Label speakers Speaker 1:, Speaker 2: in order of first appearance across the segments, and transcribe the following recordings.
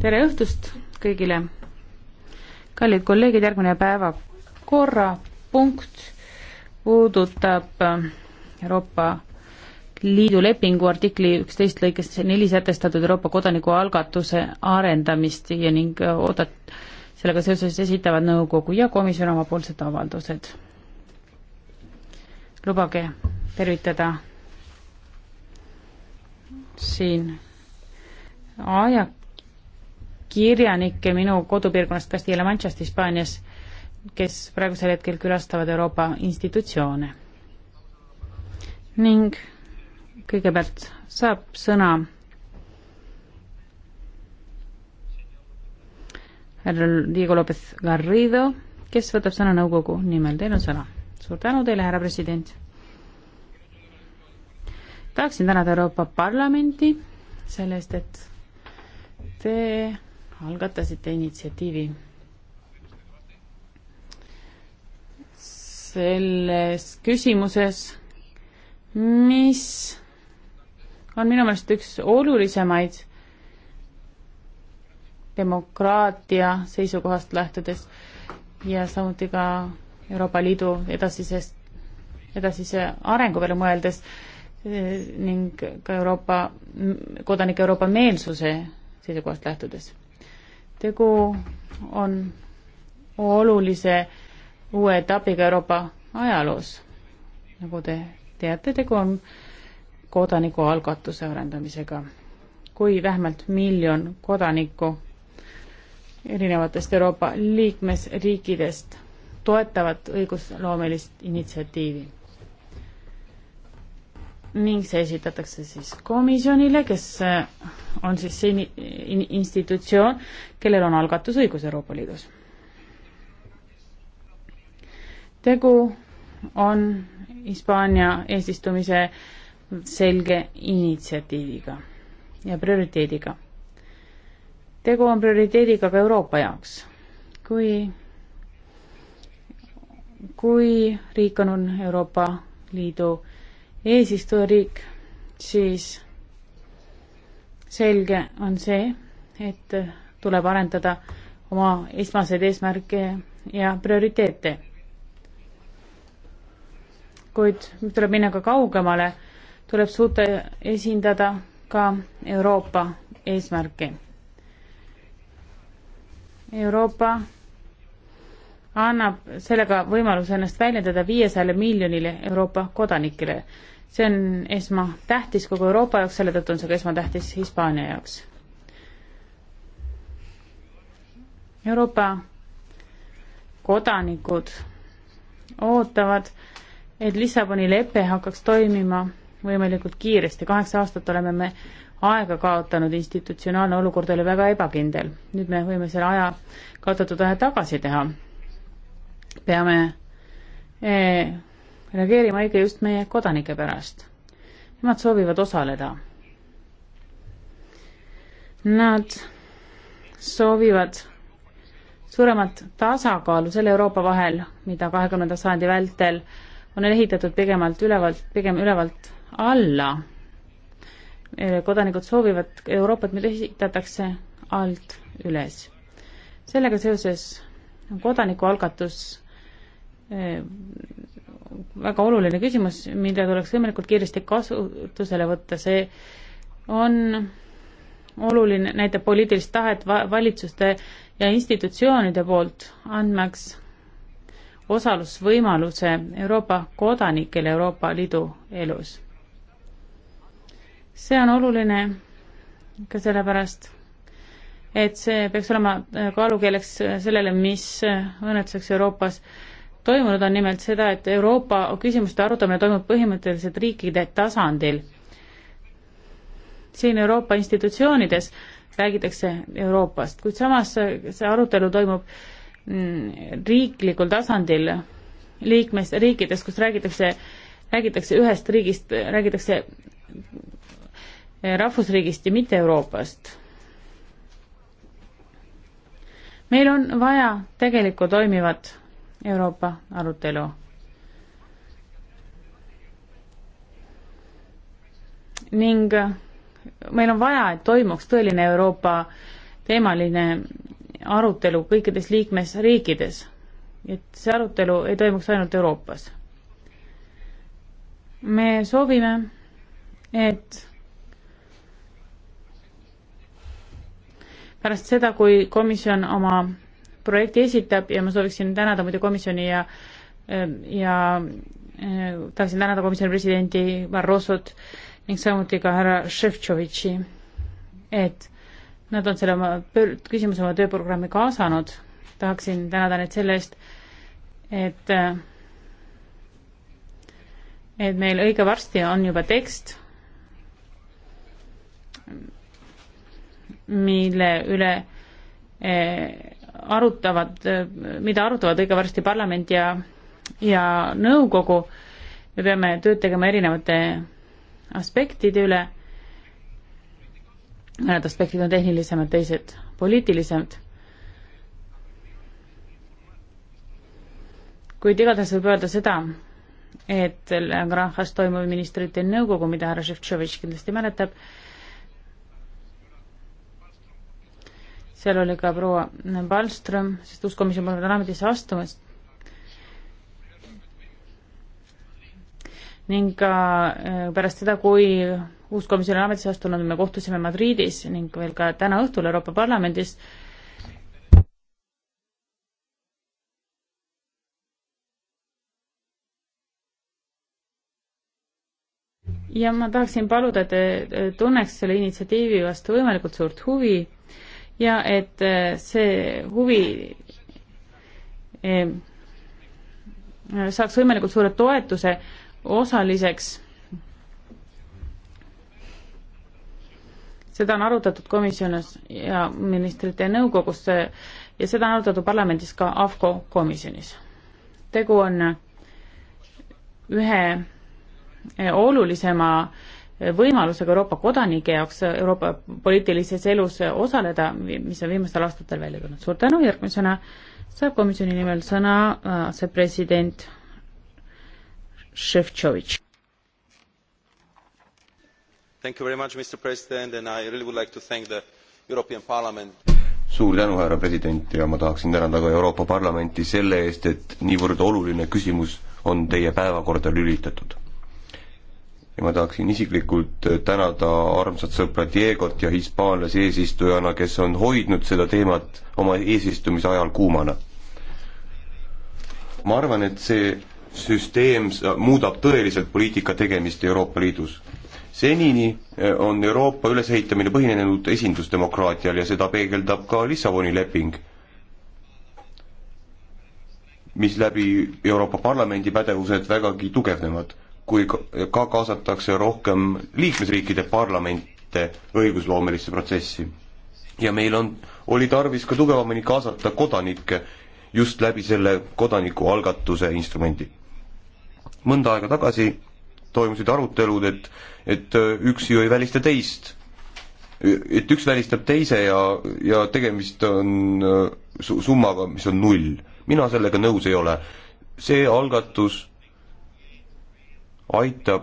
Speaker 1: tere õhtust kõigile. kallid kolleegid, järgmine päevakorrapunkt puudutab äh, Euroopa Liidu lepingu artikli üksteist lõikest neli sätestatud Euroopa kodanikualgatuse arendamist ja ning äh, oodat-, sellega seoses esitavad nõukogu ja komisjon omapoolsed avaldused. lubage tervitada siin ajakirjanikke minu kodupiirkonnast Castilla Manchast Hispaanias, kes praegusel hetkel külastavad Euroopa institutsioone. ning kõigepealt saab sõna härra Diego Lopez Garrido, kes võtab sõna nõukogu nimel, teil on sõna. suur tänu teile, härra president. tahaksin tänada Euroopa Parlamenti selle eest, et Te algatasite initsiatiivi selles küsimuses, mis on minu meelest üks olulisemaid demokraatia seisukohast lähtudes ja samuti ka Euroopa Liidu edasisest, edasise arengu peale mõeldes eh, ning ka Euroopa, kodanike Euroopa meelsuse seisukohast lähtudes. tegu on olulise uue etapiga Euroopa ajaloos. nagu te teate, tegu on kodanikualgatuse arendamisega. kui vähemalt miljon kodanikku erinevatest Euroopa liikmesriikidest toetavad õigusloomelist initsiatiivi ning see esitatakse siis komisjonile, kes äh, on siis see institutsioon, kellel on algatusõigus Euroopa Liidus. tegu on Hispaania eesistumise selge initsiatiiviga ja prioriteediga. tegu on prioriteediga ka Euroopa jaoks. kui, kui riik on Euroopa Liidu eesistujariik, siis selge on see, et tuleb arendada oma esmaseid eesmärke ja prioriteete. kuid tuleb minna ka kaugemale, tuleb suuta esindada ka Euroopa eesmärke. Euroopa annab sellega võimaluse ennast väljendada viiesajale miljonile Euroopa kodanikele see on esmatähtis kogu Euroopa jaoks, selle tõttu on see ka esmatähtis Hispaania jaoks. Euroopa kodanikud ootavad, et Lissaboni lepe hakkaks toimima võimalikult kiiresti, kaheksa aastat oleme me aega kaotanud, institutsionaalne olukord oli väga ebakindel. nüüd me võime selle aja, kaotatud aja tagasi teha. peame eh, reageerima õige just meie kodanike pärast. Nemad soovivad osaleda. Nad soovivad suuremat tasakaalu selle Euroopa vahel, mida kahekümnenda sajandi vältel on ehitatud pigemalt ülevalt, pigem ülevalt alla. kodanikud soovivad Euroopat, mida esitatakse alt üles. sellega seoses on kodanikualgatus eh, väga oluline küsimus, mida tuleks võimalikult kiiresti kasutusele võtta, see on oluline, näitab poliitilist tahet va-, valitsuste ja institutsioonide poolt, andmaks osalusvõimaluse Euroopa kodanikele Euroopa Liidu elus. see on oluline ka sellepärast, et see peaks olema kaalukeeleks sellele, mis õnnetuseks Euroopas äh, toimunud, on nimelt seda, et Euroopa küsimuste arutamine toimub põhimõtteliselt riikide tasandil. siin Euroopa institutsioonides räägitakse Euroopast, kuid samas see arutelu toimub mm, riiklikul tasandil liikmesriikides, kus räägitakse, räägitakse ühest riigist, räägitakse rahvusriigist ja mitte Euroopast meil on vaja tegelikult toimivat Euroopa arutelu. ning meil on vaja, et toimuks tõeline Euroopa teemaline arutelu kõikides liikmesriikides, et see arutelu ei toimuks ainult Euroopas. me soovime, et pärast seda, kui komisjon oma projekti esitab ja ma sooviksin tänada muide komisjoni ja ja äh, tahaksin tänada komisjoni presidenti Barrosot ning samuti ka härra Šefčovitši, et nad on selle oma pöör-, küsimuse oma tööprogrammi kaasanud, tahaksin tänada neid selle eest, et et meil õige varsti on juba tekst, mille üle eh, arutavad, mida arutavad õige varsti parlament ja, ja nõukogu, me peame tööd tegema erinevate aspektide üle, mõned aspektid on tehnilisemad, teised poliitilisemad. kuid igatahes võib öelda seda, et Granjas toimuv ministrite nõukogu, mida härra Šeftšovitš kindlasti mäletab, seal oli ka proua Palström, sest uus komisjon pole enam ametisse astumas. ning ka äh, pärast seda, kui uus komisjon on ametisse astunud, me kohtusime Madridis ning veel ka täna õhtul Euroopa Parlamendis ja ma tahaksin paluda, et te tunneks selle initsiatiivi vastu võimalikult suurt huvi ja et äh, see huvi äh, saaks võimalikult suure toetuse osaliseks. seda on arutatud komisjonis ja ministrite nõukogus äh, ja seda on arutatud parlamendis ka AFCO komisjonis. tegu on ühe olulisema äh, võimalusega Euroopa kodanike jaoks Euroopa poliitilises elus osaleda, mis on viimastel aastatel välja tulnud. suur tänu, järgmisena saab komisjoni nimel sõna äh, asepresident
Speaker 2: Šefčovitš.
Speaker 3: Thank you very much, Mr President and I
Speaker 2: really would like to thank the European Parliament suur tänu, härra president, ja ma tahaksin tänada ka Euroopa Parlamenti selle eest, et niivõrd oluline küsimus on teie päevakorda lülitatud ja ma tahaksin isiklikult äh, tänada armsat sõpra Diegot ja hispaanlasi eesistujana, kes on hoidnud seda teemat oma eesistumise ajal kuumana. ma arvan, et see süsteem muudab tõeliselt poliitika tegemist Euroopa Liidus. senini äh, on Euroopa ülesehitamine põhinenud esindusdemokraatial ja seda peegeldab ka Lissaboni leping mis läbi Euroopa Parlamendi pädevused vägagi tugevnevad kui ka kaasatakse rohkem liikmesriikide parlamente õigusloomelisse protsessi. ja meil on, oli tarvis ka tugevamini kaasata kodanikke just läbi selle kodanikualgatuse instrumendi. mõnda aega tagasi toimusid arutelud, et, et üks ju ei välista teist. et üks välistab teise ja, ja tegemist on su-, summaga, mis on null. mina sellega nõus ei ole. see algatus aitab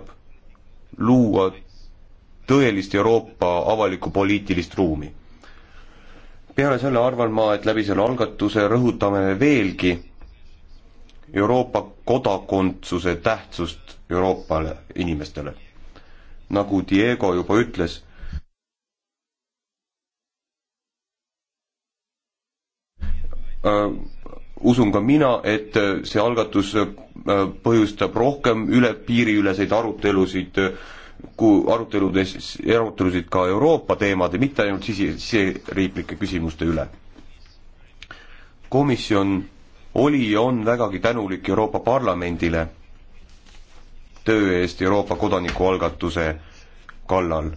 Speaker 2: luua tõelist Euroopa avalikku poliitilist ruumi. peale selle arvan ma, et läbi selle algatuse rõhutame veelgi Euroopa kodakondsuse tähtsust Euroopale inimestele. nagu Diego juba ütles, Uh, usun ka mina, et äh, see algatus äh, põhjustab rohkem üle, piiriüleseid arutelusid, äh, kui aruteludes, arutelusid ka Euroopa teemade, mitte ainult sisi, siseriiklike küsimuste üle. komisjon oli ja on vägagi tänulik Euroopa Parlamendile töö eest Euroopa kodanikualgatuse kallal.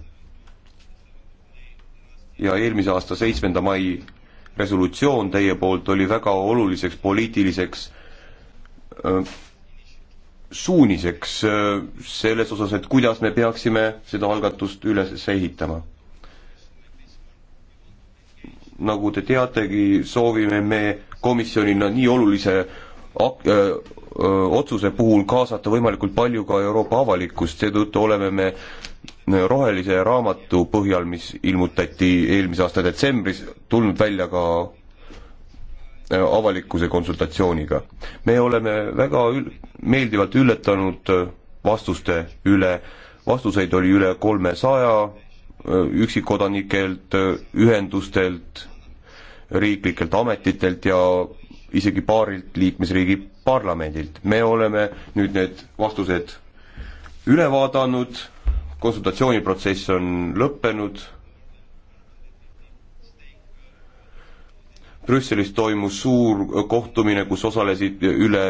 Speaker 2: ja eelmise aasta seitsmenda mai resolutsioon teie poolt oli väga oluliseks poliitiliseks suuniseks selles osas, et kuidas me peaksime seda algatust üles ehitama. nagu te teategi, soovime me komisjonina nii olulise ak-, öö, öö, otsuse puhul kaasata võimalikult palju ka Euroopa avalikkust, seetõttu oleme me rohelise raamatu põhjal, mis ilmutati eelmise aasta detsembris, tulnud välja ka äh, avalikkuse konsultatsiooniga. me oleme väga ül-, meeldivalt üllatanud äh, vastuste üle, vastuseid oli üle kolmesaja äh, üksikkodanikelt, ühendustelt, riiklikelt ametitelt ja isegi paarilt liikmesriigi parlamendilt. me oleme nüüd need vastused üle vaadanud konsultatsiooniprotsess on lõppenud, Brüsselis toimus suur kohtumine, kus osalesid üle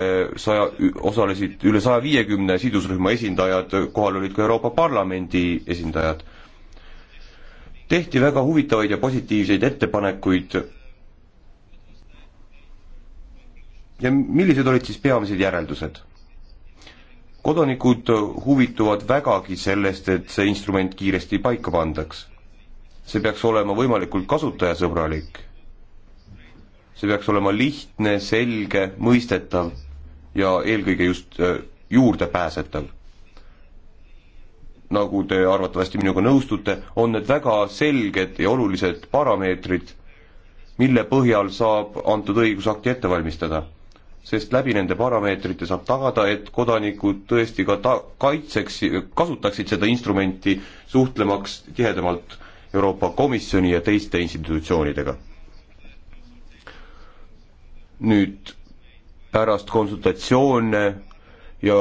Speaker 2: saja, osalesid üle saja viiekümne sidusrühma esindajad, kohal olid ka Euroopa Parlamendi esindajad. tehti väga huvitavaid ja positiivseid ettepanekuid ja millised olid siis peamised järeldused? kodanikud huvituvad vägagi sellest, et see instrument kiiresti paika pandaks. see peaks olema võimalikult kasutajasõbralik. see peaks olema lihtne, selge, mõistetav ja eelkõige just äh, juurdepääsetav. nagu te arvatavasti minuga nõustute, on need väga selged ja olulised parameetrid, mille põhjal saab antud õigusakti ette valmistada sest läbi nende parameetrite saab tagada, et kodanikud tõesti ka ta-, kaitseks, kasutaksid seda instrumenti suhtlemaks tihedamalt Euroopa Komisjoni ja teiste institutsioonidega. nüüd pärast konsultatsioone ja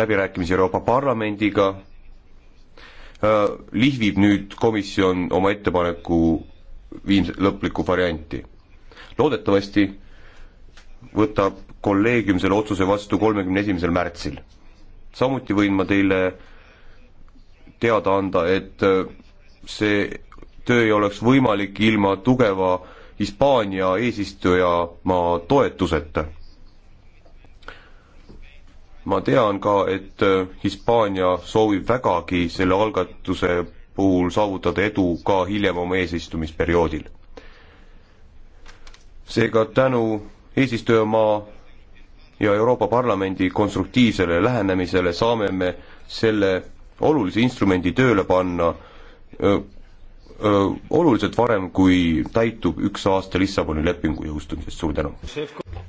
Speaker 2: läbirääkimisi Euroopa Parlamendiga äh, lihvib nüüd komisjon oma ettepaneku viimse, lõplikku varianti. loodetavasti võtab kolleegium selle otsuse vastu kolmekümne esimesel märtsil. samuti võin ma teile teada anda, et äh, see töö ei oleks võimalik ilma tugeva Hispaania eesistujamaa toetuseta. ma tean ka, et äh, Hispaania soovib vägagi selle algatuse puhul saavutada edu ka hiljem oma eesistumisperioodil. seega tänu eesistujamaa ja Euroopa Parlamendi konstruktiivsele lähenemisele saame me selle olulise instrumendi tööle panna öö, öö, oluliselt varem, kui täitub üks aasta Lissaboni lepingu jõustumisest, suur tänu!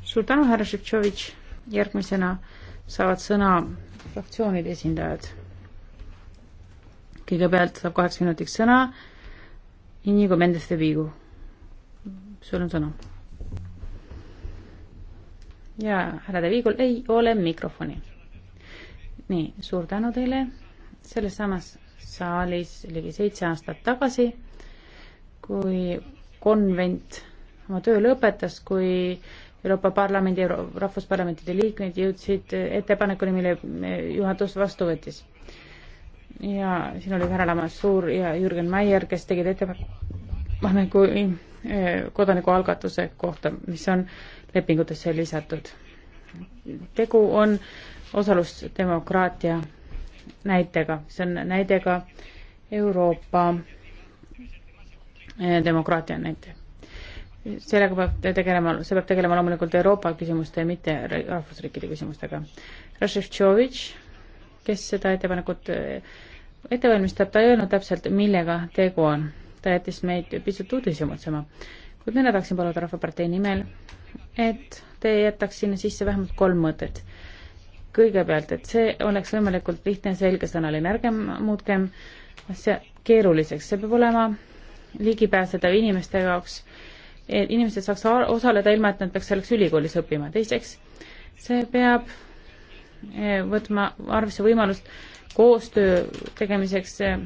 Speaker 1: suur tänu, härra Šeftšovitš, järgmisena saavad sõna fraktsioonide esindajad. kõigepealt saab kaheks minutiks sõna Inigo Mendes de Vigo. sul on sõna ja härra De Viigul ei ole mikrofoni. nii, suur tänu teile selles samas saalis ligi seitse aastat tagasi, kui konvent oma töö lõpetas, kui Euroopa Parlamendi, rahvusparlamentide liikmed jõudsid ettepanekuni, mille juhatus vastu võttis. ja siin oli härra Lamas Suur ja Jürgen Maier, kes tegid ettepaneku ettepaneku ah, nagu, eh, kodanikualgatuse kohta, mis on lepingutesse lisatud. tegu on osalusdemokraatia näitega, see on näidega Euroopa eh, demokraatia näite. sellega peab tegelema, see peab tegelema loomulikult Euroopa küsimuste, mitte rahvusriikide küsimustega. Raševtšovitš, kes seda ettepanekut eh, ette valmistab, ta ei öelnud täpselt, millega tegu on ta jättis meid pisut uudishimutsema. kuid mina tahaksin paluda Rahvapartei nimel, et te jätaks sinna sisse vähemalt kolm mõtet. kõigepealt, et see oleks võimalikult lihtne ja selgesõnaline, ärgem muutkem asja keeruliseks, see peab olema ligipääsetav inimeste jaoks, et inimesed saaks osaleda ilma, et nad peaks selleks ülikoolis õppima. teiseks, see peab eh, võtma arvesse võimalust koostöö tegemiseks eh,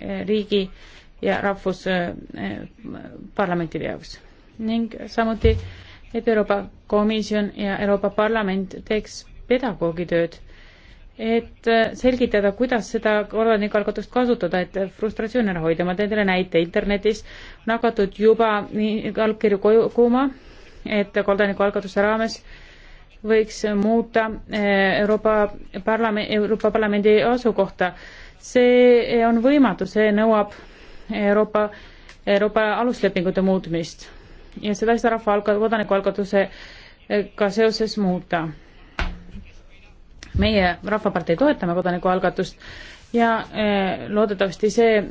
Speaker 1: eh, riigi äh, ja rahvusparlamentide äh, äh, jaoks. ning samuti, et Euroopa Komisjon ja Euroopa Parlament teeks pedagoogitööd, et äh, selgitada, kuidas seda kodanikualgatust kasutada, et frustratsioone ära hoida. ma teen teile näite, internetis on hakatud juba allkirju koju kuuma, et kodanikualgatuse raames võiks muuta Euroopa Parlamendi, Euroopa Parlamendi asukohta. see on võimatu, see nõuab Euroopa, Euroopa aluslepingute muutmist ja seda ei saa rahva kodanikualgatusega eh, seoses muuta. meie Rahvapartei toetame kodanikualgatust ja eh, loodetavasti see eh,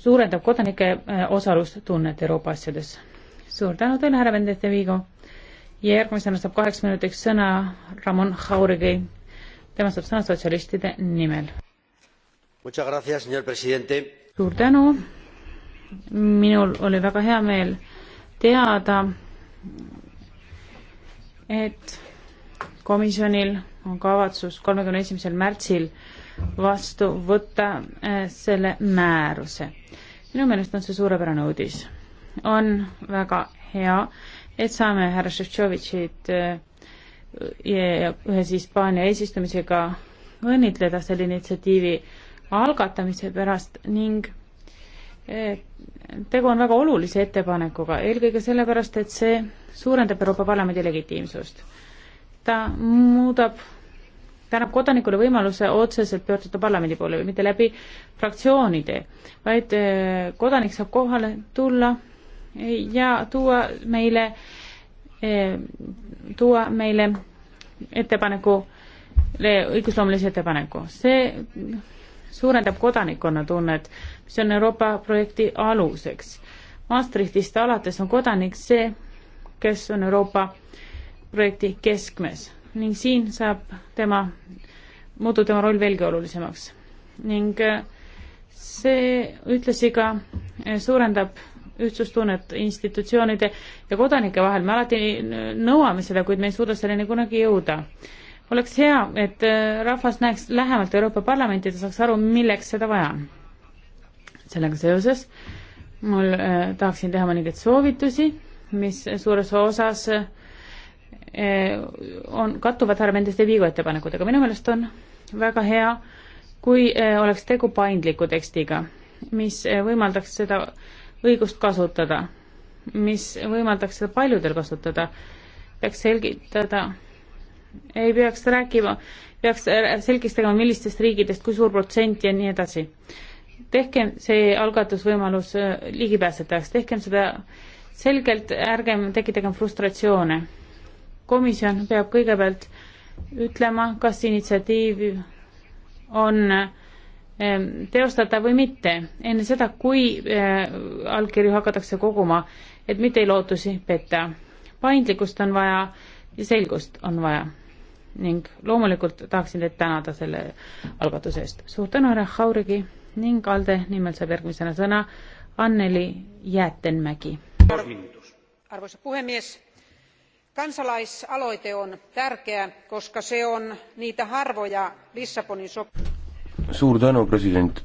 Speaker 1: suurendab kodanike osalustunnet Euroopa asjades. suur tänu teile, härra Vendete Viigo. ja järgmisena saab kaheks minutiks sõna Ramon Jauregi. tema saab sõna sotsialistide nimel suur tänu. minul oli väga hea meel teada, et komisjonil on kavatsus kolmekümne esimesel märtsil vastu võtta äh, selle määruse. minu meelest on see suurepärane uudis. on väga hea, et saame härra Šeftšovitšit äh, ühes Hispaania eesistumisega õnnitleda selle initsiatiivi algatamise pärast ning eh, tegu on väga olulise ettepanekuga, eelkõige sellepärast, et see suurendab Euroopa Parlamendi legitiimsust. ta muudab, ta annab kodanikule võimaluse otseselt pöörduda parlamendi poole, mitte läbi fraktsioonide, vaid eh, kodanik saab kohale tulla ja tuua meile, eh, tuua meile ettepaneku, õigusloomelise ettepaneku. see suurendab kodanikkonnatunnet, mis on Euroopa projekti aluseks. Maastrichtist alates on kodanik see, kes on Euroopa projekti keskmes ning siin saab tema, muutub tema roll veelgi olulisemaks. ning äh, see ühtlasi ka äh, suurendab ühtsustunnet institutsioonide ja kodanike vahel, me alati äh, nõuame seda, kuid me ei suuda selleni kunagi jõuda oleks hea, et äh, rahvas näeks lähemalt Euroopa Parlamenti, et ta saaks aru, milleks seda vaja on. sellega seoses mul äh, tahaksin teha mõningaid soovitusi, mis suures osas äh, on, kattuvad härra Mendeste Viigo ettepanekutega, minu meelest on väga hea, kui äh, oleks tegu paindliku tekstiga, mis äh, võimaldaks seda õigust kasutada, mis võimaldaks seda paljudel kasutada, peaks selgitada ei peaks rääkima, peaks selgeks tegema, millistest riikidest, kui suur protsent ja nii edasi. tehkem see algatusvõimalus äh, ligipääsetavaks, tehkem seda selgelt, ärgem tekitagem frustratsioone. komisjon peab kõigepealt ütlema, kas initsiatiiv on ähm, teostatav või mitte, enne seda, kui äh, allkirju hakatakse koguma, et mitte ei lootusi petta. paindlikkust on vaja ja selgust on vaja ning loomulikult tahaksin teid tänada selle algatuse eest. suur tänu, härra Haurigi ning ALDE nimel saab järgmisena sõna Anneli Jäätenmägi.
Speaker 4: arvoisa puhemies, kansalaisaloite on tärkeä, koska see on niitä harvoja Lissabonin sop-.
Speaker 2: suur tänu, president.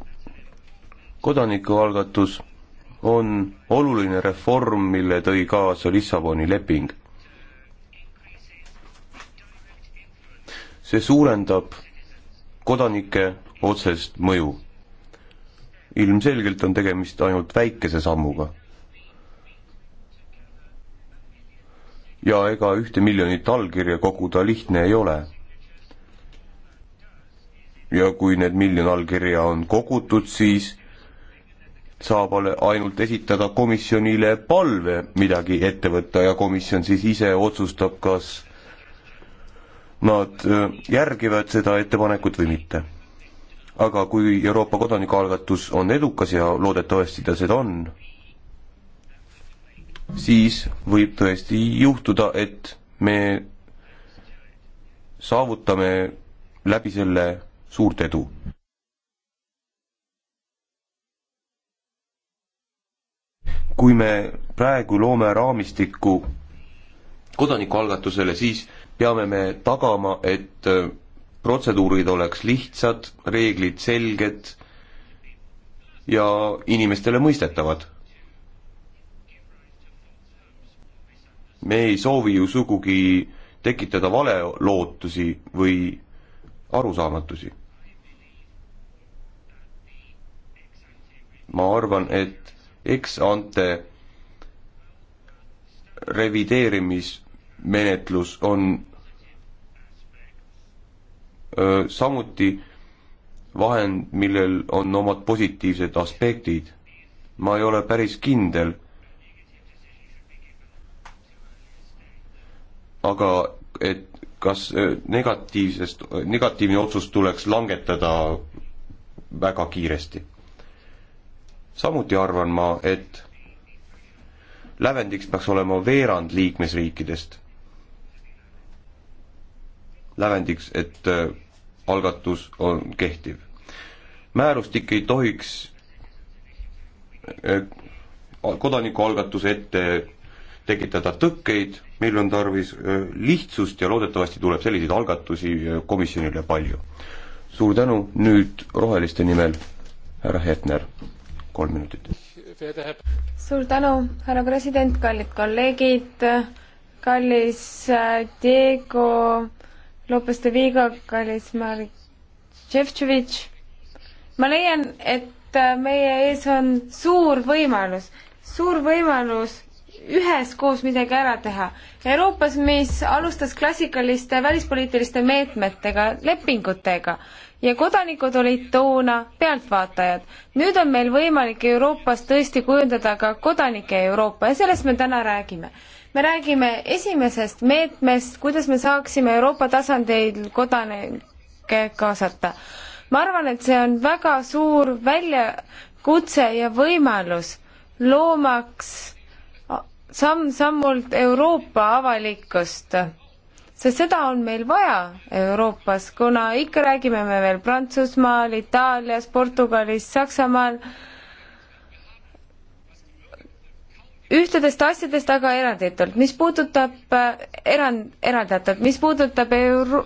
Speaker 2: kodanikualgatus on oluline reform, mille tõi kaasa Lissaboni leping see suurendab kodanike otsest mõju. ilmselgelt on tegemist ainult väikese sammuga. ja ega ühte miljonit allkirja koguda lihtne ei ole. ja kui need miljon allkirja on kogutud, siis saab ainult esitada komisjonile palve midagi ette võtta ja komisjon siis ise otsustab, kas nad äh, järgivad seda ettepanekut või mitte. aga kui Euroopa kodanikualgatus on edukas ja loodetavasti ta seda on, siis võib tõesti juhtuda, et me saavutame läbi selle suurt edu. kui me praegu loome raamistiku kodanikualgatusele, siis peame me tagama, et äh, protseduurid oleks lihtsad, reeglid selged ja inimestele mõistetavad. me ei soovi ju sugugi tekitada valelootusi või arusaamatusi. ma arvan, et eks ante revideerimis menetlus on öö, samuti vahend, millel on omad positiivsed aspektid. ma ei ole päris kindel. aga et kas negatiivsest, negatiivne otsus tuleks langetada väga kiiresti. samuti arvan ma, et lävendiks peaks olema veerand liikmesriikidest lävendiks, et äh, algatus on kehtiv. määrustik ei tohiks äh, kodanikualgatuse ette tekitada tõkkeid, meil on tarvis äh, lihtsust ja loodetavasti tuleb selliseid algatusi komisjonile palju. suur tänu, nüüd Roheliste nimel härra Hetner, kolm minutit.
Speaker 4: suur tänu, härra president, kallid kolleegid, kallis Diego Lopez de Vigo, kallis Marek Šefčovitš. ma leian, et äh, meie ees on suur võimalus, suur võimalus üheskoos midagi ära teha. Euroopas, mis alustas klassikaliste välispoliitiliste meetmetega, lepingutega ja kodanikud olid toona pealtvaatajad. nüüd on meil võimalik Euroopas tõesti kujundada ka kodanike Euroopa ja sellest me täna räägime. me räägime esimesest meetmest, kuidas me saaksime Euroopa tasandil kodanikke kaasata. ma arvan, et see on väga suur väljakutse ja võimalus loomaks samm-sammult Euroopa avalikkust sest seda on meil vaja Euroopas, kuna ikka räägime me veel Prantsusmaal, Itaalias, Portugalis, Saksamaal ühtedest asjadest, aga eranditult. mis puudutab äh, erand, eraldatult, mis puudutab Euro-,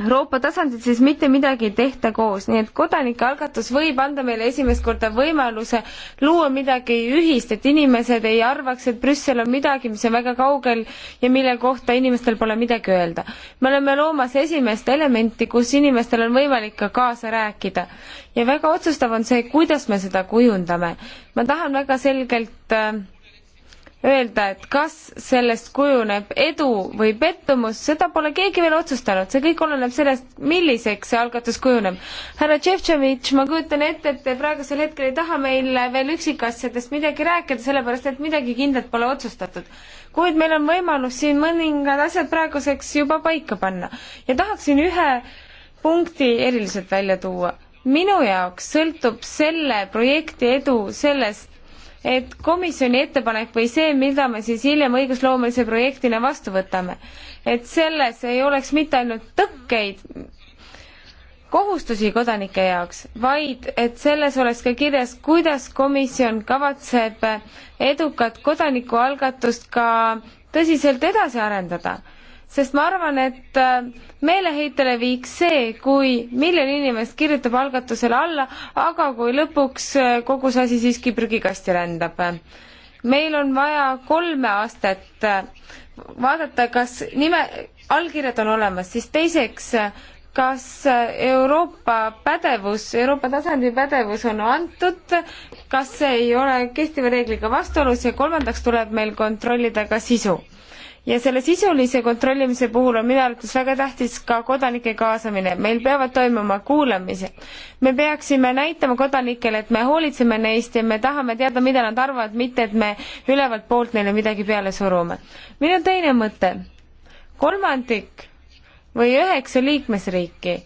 Speaker 4: Euroopa tasandil siis mitte midagi ei tehta koos, nii et kodanikealgatus võib anda meile esimest korda võimaluse luua midagi ühist, et inimesed ei arvaks, et Brüssel on midagi, mis on väga kaugel ja mille kohta inimestel pole midagi öelda. me oleme loomas esimest elementi, kus inimestel on võimalik ka kaasa rääkida ja väga otsustav on see, kuidas me seda kujundame. ma tahan väga selgelt äh, öelda, et kas sellest kujuneb edu või pettumus, seda pole keegi veel otsustanud, see kõik oleneb sellest, milliseks see algatus kujuneb. härra Tšetšovitš, ma kujutan ette, et te praegusel hetkel ei taha meile veel üksikasjadest midagi rääkida, sellepärast et midagi kindlat pole otsustatud. kuid meil on võimalus siin mõningad asjad praeguseks juba paika panna ja tahaksin ühe punkti eriliselt välja tuua. minu jaoks sõltub selle projekti edu sellest, et komisjoni ettepanek või see, mida me siis hiljem õigusloomelise projektina vastu võtame, et selles ei oleks mitte ainult tõkkeid, kohustusi kodanike jaoks, vaid et selles oleks ka kirjas, kuidas komisjon kavatseb edukat kodanikualgatust ka tõsiselt edasi arendada sest ma arvan, et äh, meeleheitele viiks see, kui miljon inimest kirjutab algatusele alla, aga kui lõpuks äh, kogu see asi siiski prügikasti rändab. meil on vaja kolme astet, äh, vaadata, kas nime, allkirjad on olemas, siis teiseks, kas Euroopa pädevus, Euroopa tasandi pädevus on antud, kas see ei ole kehtiva reegliga vastuolus ja kolmandaks tuleb meil kontrollida ka sisu ja selle sisulise kontrollimise puhul on minu arvates väga tähtis ka kodanike kaasamine. meil peavad toimuma kuulamised. me peaksime näitama kodanikele, et me hoolitseme neist ja me tahame teada, mida nad arvavad, mitte et me ülevalt poolt neile midagi peale surume. minu teine mõte, kolmandik või üheksa liikmesriiki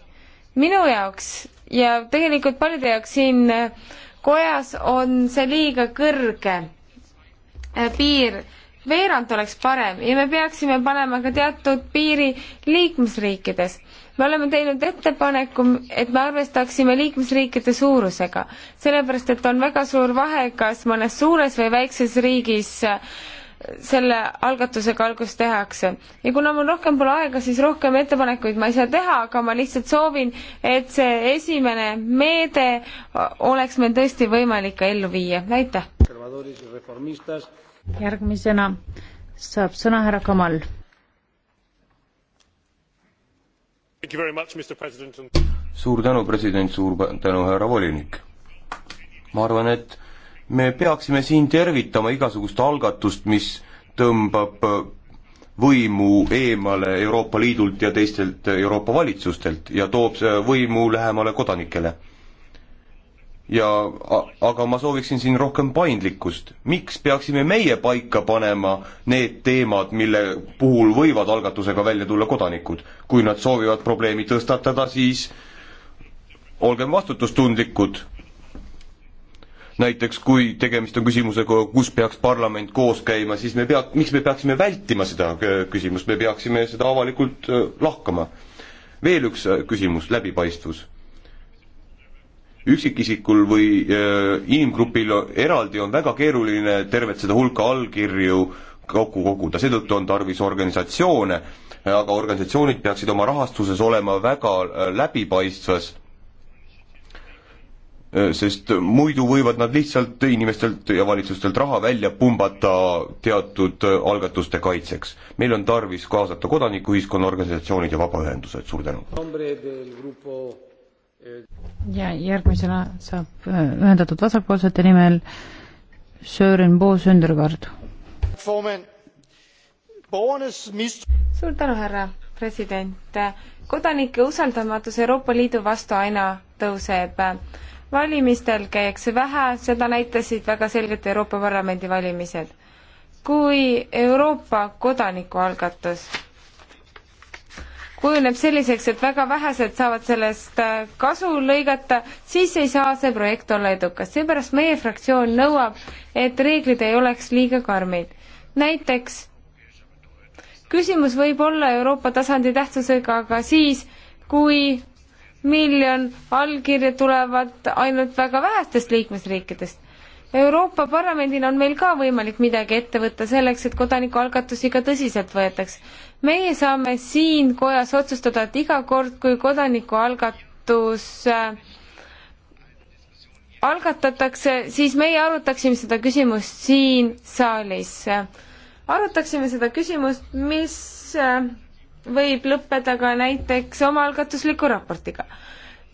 Speaker 4: minu jaoks ja tegelikult paljude jaoks siin kojas on see liiga kõrge äh, piir veerand oleks parem ja me peaksime panema ka teatud piiri liikmesriikides. me oleme teinud ettepaneku, et me arvestaksime liikmesriikide suurusega, sellepärast et on väga suur vahe, kas mõnes suures või väikses riigis äh, selle algatusega algust tehakse. ja kuna mul rohkem pole aega, siis rohkem ettepanekuid ma ei saa teha, aga ma lihtsalt soovin, et see esimene meede oleks meil tõesti võimalik ka ellu viia. aitäh! järgmisena saab
Speaker 1: sõna härra Kamal.
Speaker 2: suur tänu, president, suur tänu, härra volinik. ma arvan, et me peaksime siin tervitama igasugust algatust, mis tõmbab võimu eemale Euroopa Liidult ja teistelt Euroopa valitsustelt ja toob võimu lähemale kodanikele ja aga ma sooviksin siin rohkem paindlikkust. miks peaksime meie paika panema need teemad, mille puhul võivad algatusega välja tulla kodanikud? kui nad soovivad probleemi tõstatada, siis olgem vastutustundlikud. näiteks kui tegemist on küsimusega, kus peaks parlament koos käima, siis me pea, miks me peaksime vältima seda äh, küsimust, me peaksime seda avalikult äh, lahkama. veel üks äh, küsimus, läbipaistvus üksikisikul või äh, inimgrupil eraldi on väga keeruline tervet seda hulka allkirju kokku koguda, seetõttu on tarvis organisatsioone, aga organisatsioonid peaksid oma rahastuses olema väga äh, läbipaistvas, äh, sest muidu võivad nad lihtsalt inimestelt ja valitsustelt raha välja pumbata teatud algatuste kaitseks. meil on tarvis kaasata kodanikuühiskonna organisatsioonid ja vabaühendused, suur tänu!
Speaker 1: ja järgmisena saab äh, Ühendatud Vasakpoolsete nimel Sören Bo Sündergaard.
Speaker 4: suur tänu, härra president. kodanike usaldamatus Euroopa Liidu vastu aina tõuseb. valimistel käiakse vähe, seda näitasid väga selgelt Euroopa Parlamendi valimised. kui Euroopa kodanikualgatus kujuneb selliseks, et väga vähesed saavad sellest äh, kasu lõigata, siis ei saa see projekt olla edukas. seepärast meie fraktsioon nõuab, et reeglid ei oleks liiga karmid. näiteks küsimus võib olla Euroopa tasandi tähtsusega ka siis, kui miljon allkirja tulevad ainult väga vähestest liikmesriikidest. Euroopa Parlamendil on meil ka võimalik midagi ette võtta selleks, et kodanikualgatusi ka tõsiselt võetaks. meie saame siin kojas otsustada, et iga kord, kui kodanikualgatus äh, algatatakse, siis meie arutaksime seda küsimust siin saalis. arutaksime seda küsimust, mis äh, võib lõppeda ka näiteks omaalgatusliku raportiga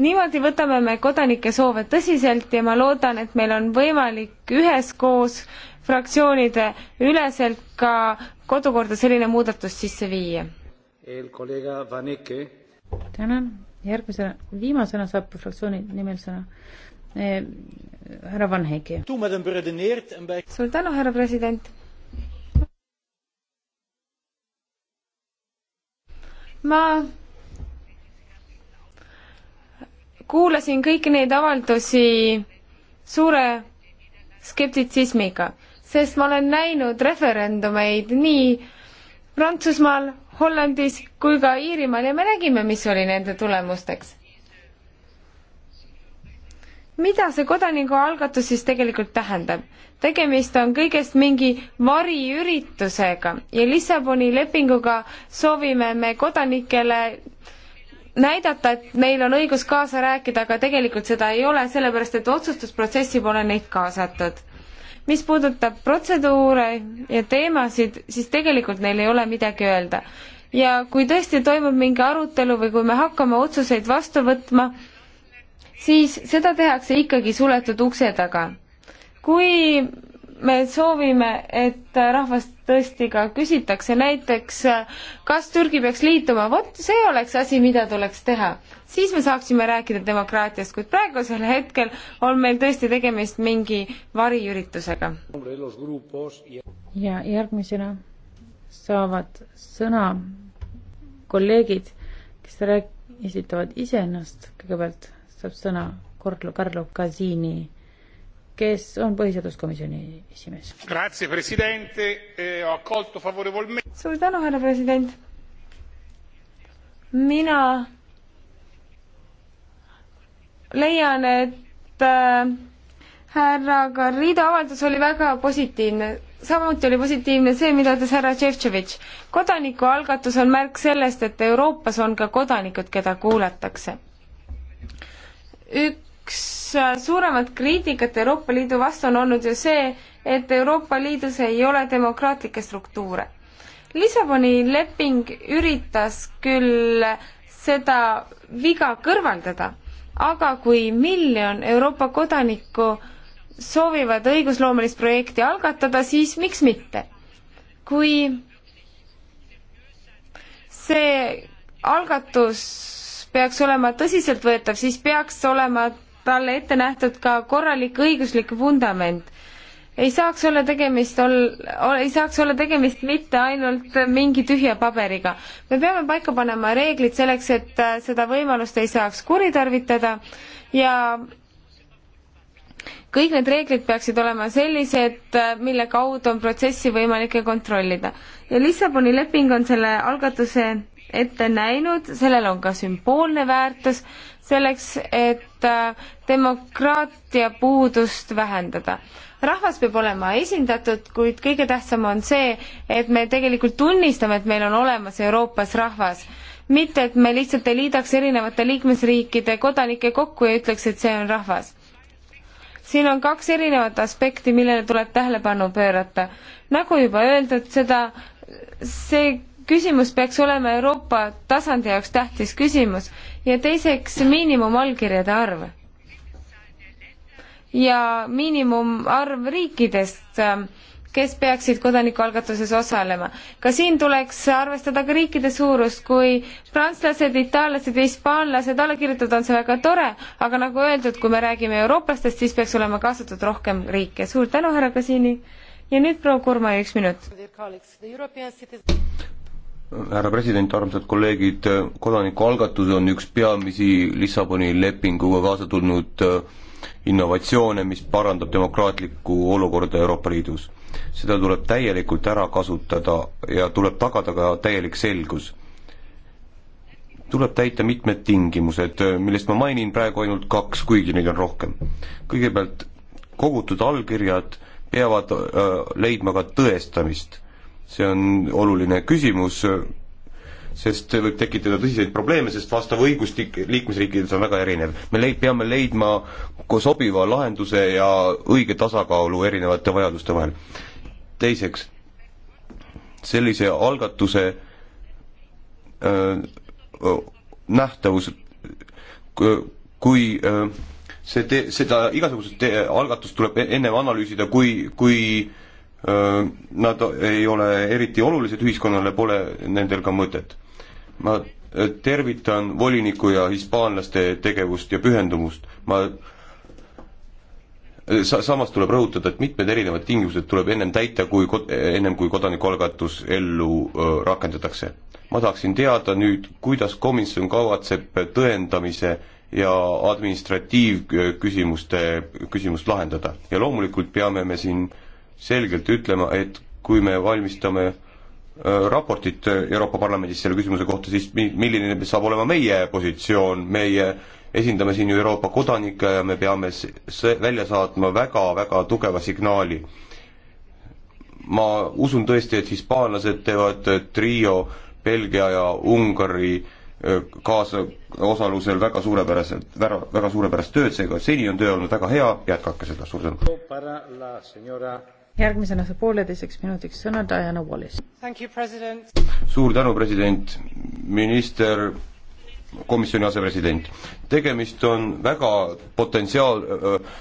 Speaker 4: niimoodi võtame me kodanike soove tõsiselt ja ma loodan, et meil on võimalik üheskoos fraktsioonide üleselt ka kodukorda selline muudatus sisse viia. tänan,
Speaker 1: järgmisena, viimasena saab fraktsiooni nimel sõna eh, härra Van
Speaker 5: Heiki. suur tänu, härra president
Speaker 4: ma kuulasin kõiki neid avaldusi suure skeptitsismiga, sest ma olen näinud referendumeid nii Prantsusmaal, Hollandis kui ka Iirimaal ja me nägime, mis oli nende tulemusteks. mida see kodanikualgatus siis tegelikult tähendab? tegemist on kõigest mingi variüritusega ja Lissaboni lepinguga soovime me kodanikele näidata, et neil on õigus kaasa rääkida, aga tegelikult seda ei ole, sellepärast et otsustusprotsessi pole neid kaasatud. mis puudutab protseduure ja teemasid, siis tegelikult neil ei ole midagi öelda. ja kui tõesti toimub mingi arutelu või kui me hakkame otsuseid vastu võtma, siis seda tehakse ikkagi suletud ukse taga. kui me soovime, et rahvast tõesti ka küsitakse, näiteks kas Türgi peaks liituma, vot see oleks asi, mida tuleks teha. siis me saaksime rääkida demokraatiast, kuid praegusel hetkel on meil tõesti tegemist mingi variüritusega. ja
Speaker 1: järgmisena saavad sõna kolleegid, kes rääk-, esitavad iseennast, kõigepealt saab sõna Karlo, Karlo Kasiini kes on põhiseaduskomisjoni esimees.
Speaker 2: Eh,
Speaker 4: suur tänu, härra president. mina leian, et äh, härra Garrido avaldus oli väga positiivne. samuti oli positiivne see, mida ütles härra Tševtševitš. kodanikualgatus on märk sellest, et Euroopas on ka kodanikud, keda kuulatakse. üks üks äh, suuremat kriitikat Euroopa Liidu vastu on olnud ju see, et Euroopa Liidus ei ole demokraatlikke struktuure. Lissaboni leping üritas küll seda viga kõrvaldada, aga kui miljon Euroopa kodanikku soovivad õigusloomelist projekti algatada, siis miks mitte? kui see algatus peaks olema tõsiseltvõetav, siis peaks olema talle ette nähtud ka korralik õiguslik vundament. ei saaks olla tegemist ol-, ei saaks olla tegemist mitte ainult mingi tühja paberiga. me peame paika panema reeglid selleks, et äh, seda võimalust ei saaks kuritarvitada ja kõik need reeglid peaksid olema sellised, äh, mille kaudu on protsessi võimalik kontrollida. ja Lissaboni leping on selle algatuse ette näinud, sellel on ka sümboolne väärtus selleks, et äh, demokraatia puudust vähendada. rahvas peab olema esindatud, kuid kõige tähtsam on see, et me tegelikult tunnistame, et meil on olemas Euroopas rahvas. mitte, et me lihtsalt ei liidaks erinevate liikmesriikide kodanikke kokku ja ütleks, et see on rahvas siin on kaks erinevat aspekti, millele tuleb tähelepanu pöörata. nagu juba öeldud, seda, see küsimus peaks olema Euroopa tasandi jaoks tähtis küsimus ja teiseks miinimumallkirjade arv. ja miinimumarv riikidest, ähm, kes peaksid kodanikualgatuses osalema. ka siin tuleks arvestada ka riikide suurust, kui prantslased, itaallased ja hispaanlased alla kirjutatud, on see väga tore, aga nagu öeldud, kui me räägime eurooplastest, siis peaks olema kaasatud rohkem riike. suur tänu, härra Kasiini! ja nüüd proua Kurma ja üks minut
Speaker 2: härra president, armsad kolleegid, kodanikualgatus on üks peamisi Lissaboni lepinguga kaasa tulnud äh, innovatsioone, mis parandab demokraatlikku olukorda Euroopa Liidus. seda tuleb täielikult ära kasutada ja tuleb tagada ka täielik selgus. tuleb täita mitmed tingimused, äh, millest ma mainin praegu ainult kaks, kuigi neid on rohkem. kõigepealt kogutud allkirjad peavad öö, äh, leidma ka tõestamist see on oluline küsimus, sest võib tekitada tõsiseid probleeme, sest vastav õigustik liikmesriikides on väga erinev. me leid-, peame leidma ka sobiva lahenduse ja õige tasakaalu erinevate vajaduste vahel. teiseks, sellise algatuse öö, nähtavus, kui öö, see te-, seda igasugust te-, algatust tuleb e-, ennem analüüsida, kui, kui Nad ei ole eriti olulised ühiskonnale, pole nendel ka mõtet. ma tervitan voliniku ja hispaanlaste tegevust ja pühendumust, ma sa-, samas tuleb rõhutada, et mitmed erinevad tingimused tuleb ennem täita, kui kod-, ennem kui kodanikualgatus ellu öö, rakendatakse. ma tahaksin teada nüüd, kuidas komisjon kavatseb tõendamise ja administratiivküsimuste, küsimust lahendada ja loomulikult peame me siin selgelt ütlema, et kui me valmistame äh, raportit äh, Euroopa Parlamendis selle küsimuse kohta, siis mi-, milline saab olema meie positsioon, meie esindame siin ju Euroopa kodanikke ja me peame see välja saatma väga-väga tugeva signaali. ma usun tõesti, et hispaanlased teevad äh, trio Belgia ja Ungari kaasosalusel väga suurepäraselt, väga, väga suurepärast tööd, seega seni on töö olnud väga hea, jätkake seda, suur tänu
Speaker 1: järgmisena saab pooleteiseks minutiks sõna Diana Wallis.
Speaker 2: suur tänu, president, minister, komisjoni asepresident. tegemist on väga potentsiaal,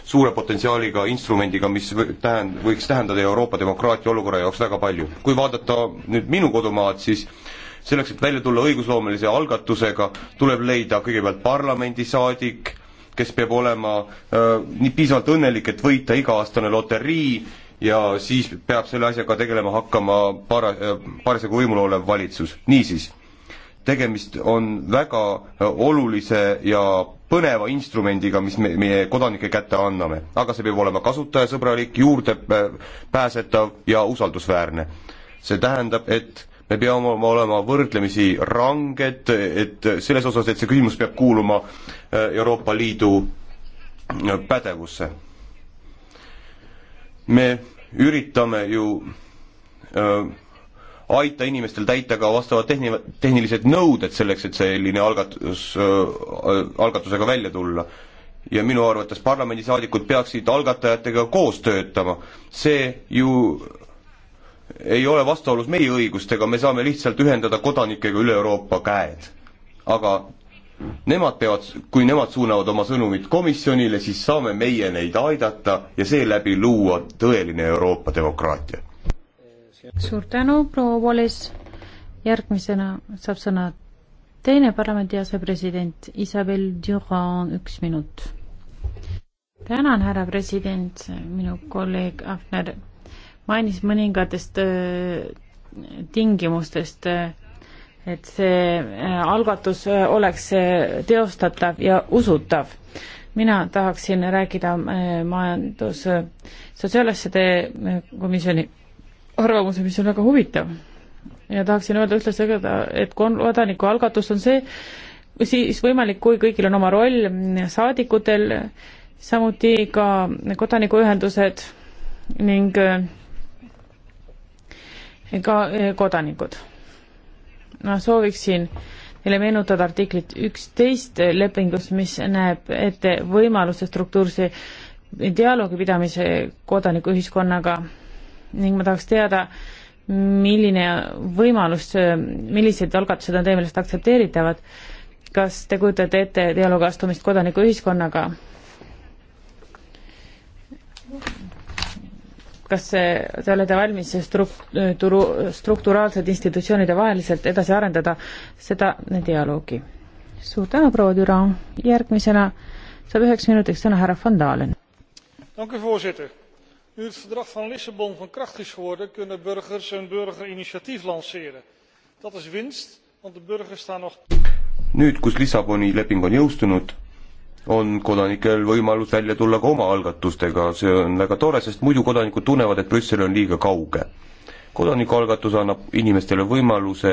Speaker 2: suure potentsiaaliga instrumendiga, mis tähend-, võiks tähendada Euroopa demokraatia olukorra jaoks väga palju. kui vaadata nüüd minu kodumaad, siis selleks, et välja tulla õigusloomelise algatusega, tuleb leida kõigepealt parlamendisaadik, kes peab olema äh, nii piisavalt õnnelik, et võita iga-aastane loterii, ja siis peab selle asjaga tegelema hakkama para-, parasjagu võimul olev valitsus. niisiis, tegemist on väga äh, olulise ja põneva instrumendiga, mis me meie kodanike kätte anname, aga see peab olema kasutajasõbralik, juurdepääsetav äh, ja usaldusväärne. see tähendab, et me peame olema võrdlemisi ranged, et selles osas, et see küsimus peab kuuluma äh, Euroopa Liidu pädevusse me üritame ju öö, aita inimestel täita ka vastavad tehni-, tehnilised nõuded selleks, et selline algatus äh,, algatusega välja tulla. ja minu arvates parlamendisaadikud peaksid algatajatega koos töötama. see ju ei ole vastuolus meie õigustega, me saame lihtsalt ühendada kodanikega üle Euroopa käed. aga nemad peavad, kui nemad suunavad oma sõnumit komisjonile, siis saame meie neid aidata ja seeläbi luua tõeline Euroopa demokraatia.
Speaker 1: suur tänu, proua Wallis. järgmisena saab sõna teine parlamendi asepresident Isabel Durand, üks minut. tänan, härra president, minu kolleeg Ahner mainis mõningatest äh, tingimustest äh, et see äh, algatus äh, oleks äh, teostatav ja usutav. mina tahaksin rääkida majandus- sotsiaalasjade komisjoni arvamuse, mis on väga huvitav. ja tahaksin öelda ühtlasi ka, et kodanikualgatus on see, siis võimalik, kui kõigil on oma roll, saadikutel, samuti ka kodanikuühendused ning ka kodanikud ma noh, sooviksin teile meenutada artiklit üksteist lepingus, mis näeb ette võimaluse struktuurse dialoogi pidamise kodanikuühiskonnaga ning ma tahaks teada, milline võimalus, millised algatused on teie meelest aktsepteeritavad, kas te kujutate ette dialoogi astumist kodanikuühiskonnaga? kas see, te olete valmis strukturu, strukturaalsed institutsioonide vaheliselt edasi arendada seda dialoogi? suur tänu, proua Türa, järgmisena saab üheks minutiks sõna härra Van Dalen.
Speaker 2: Dank u voorzitter. Nu het verdrag van Lissabon van kracht is geworden, kunnen burgers een burgerinitiatief lanceren. Dat is winst, want de burgers staan nog. nüüd, kus Lissaboni leping on jõustunud, on kodanikel võimalus välja tulla ka oma algatustega, see on väga tore, sest muidu kodanikud tunnevad, et Brüssel on liiga kauge. kodanikualgatus annab inimestele võimaluse,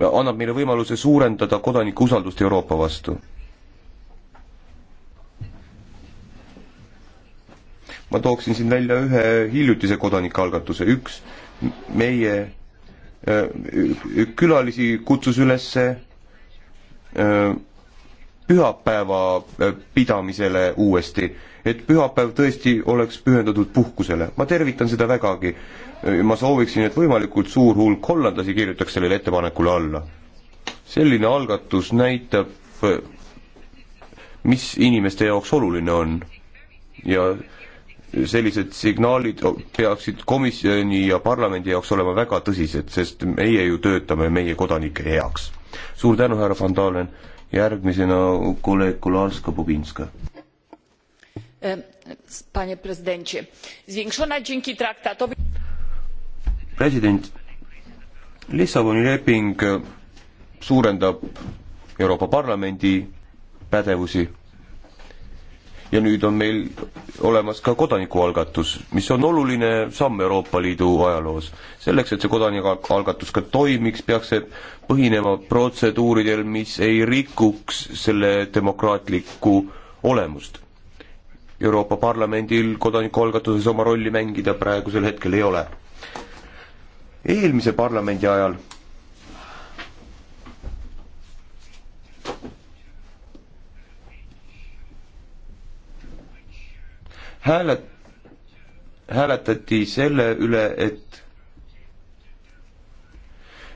Speaker 2: annab meile võimaluse suurendada kodanike usaldust Euroopa vastu. ma tooksin siin välja ühe hiljutise kodanikualgatuse, üks meie äh, külalisi kutsus üles öö, äh, pühapäeva äh, pidamisele uuesti, et pühapäev tõesti oleks pühendatud puhkusele, ma tervitan seda vägagi. Äh, ma sooviksin, et võimalikult suur hulk hollandlasi kirjutaks sellele ettepanekule alla. selline algatus näitab, äh, mis inimeste jaoks oluline on ja sellised signaalid peaksid komisjoni ja parlamendi jaoks olema väga tõsised, sest meie ju töötame meie kodanike heaks. suur tänu, härra Van Dalen järgmisena kolleeg Kularska-Bubinska.
Speaker 1: Panie prezydencie, zwiększona dzięki traktatowi
Speaker 2: president, Lissaboni leping suurendab Euroopa Parlamendi pädevusi ja nüüd on meil olemas ka kodanikualgatus, mis on oluline samm Euroopa Liidu ajaloos. selleks, et see kodanikualgatus ka toimiks, peaks see põhinema protseduuridel, mis ei rikuks selle demokraatlikku olemust. Euroopa Parlamendil kodanikualgatuses oma rolli mängida praegusel hetkel ei ole. eelmise parlamendi ajal hääled, hääletati selle üle, et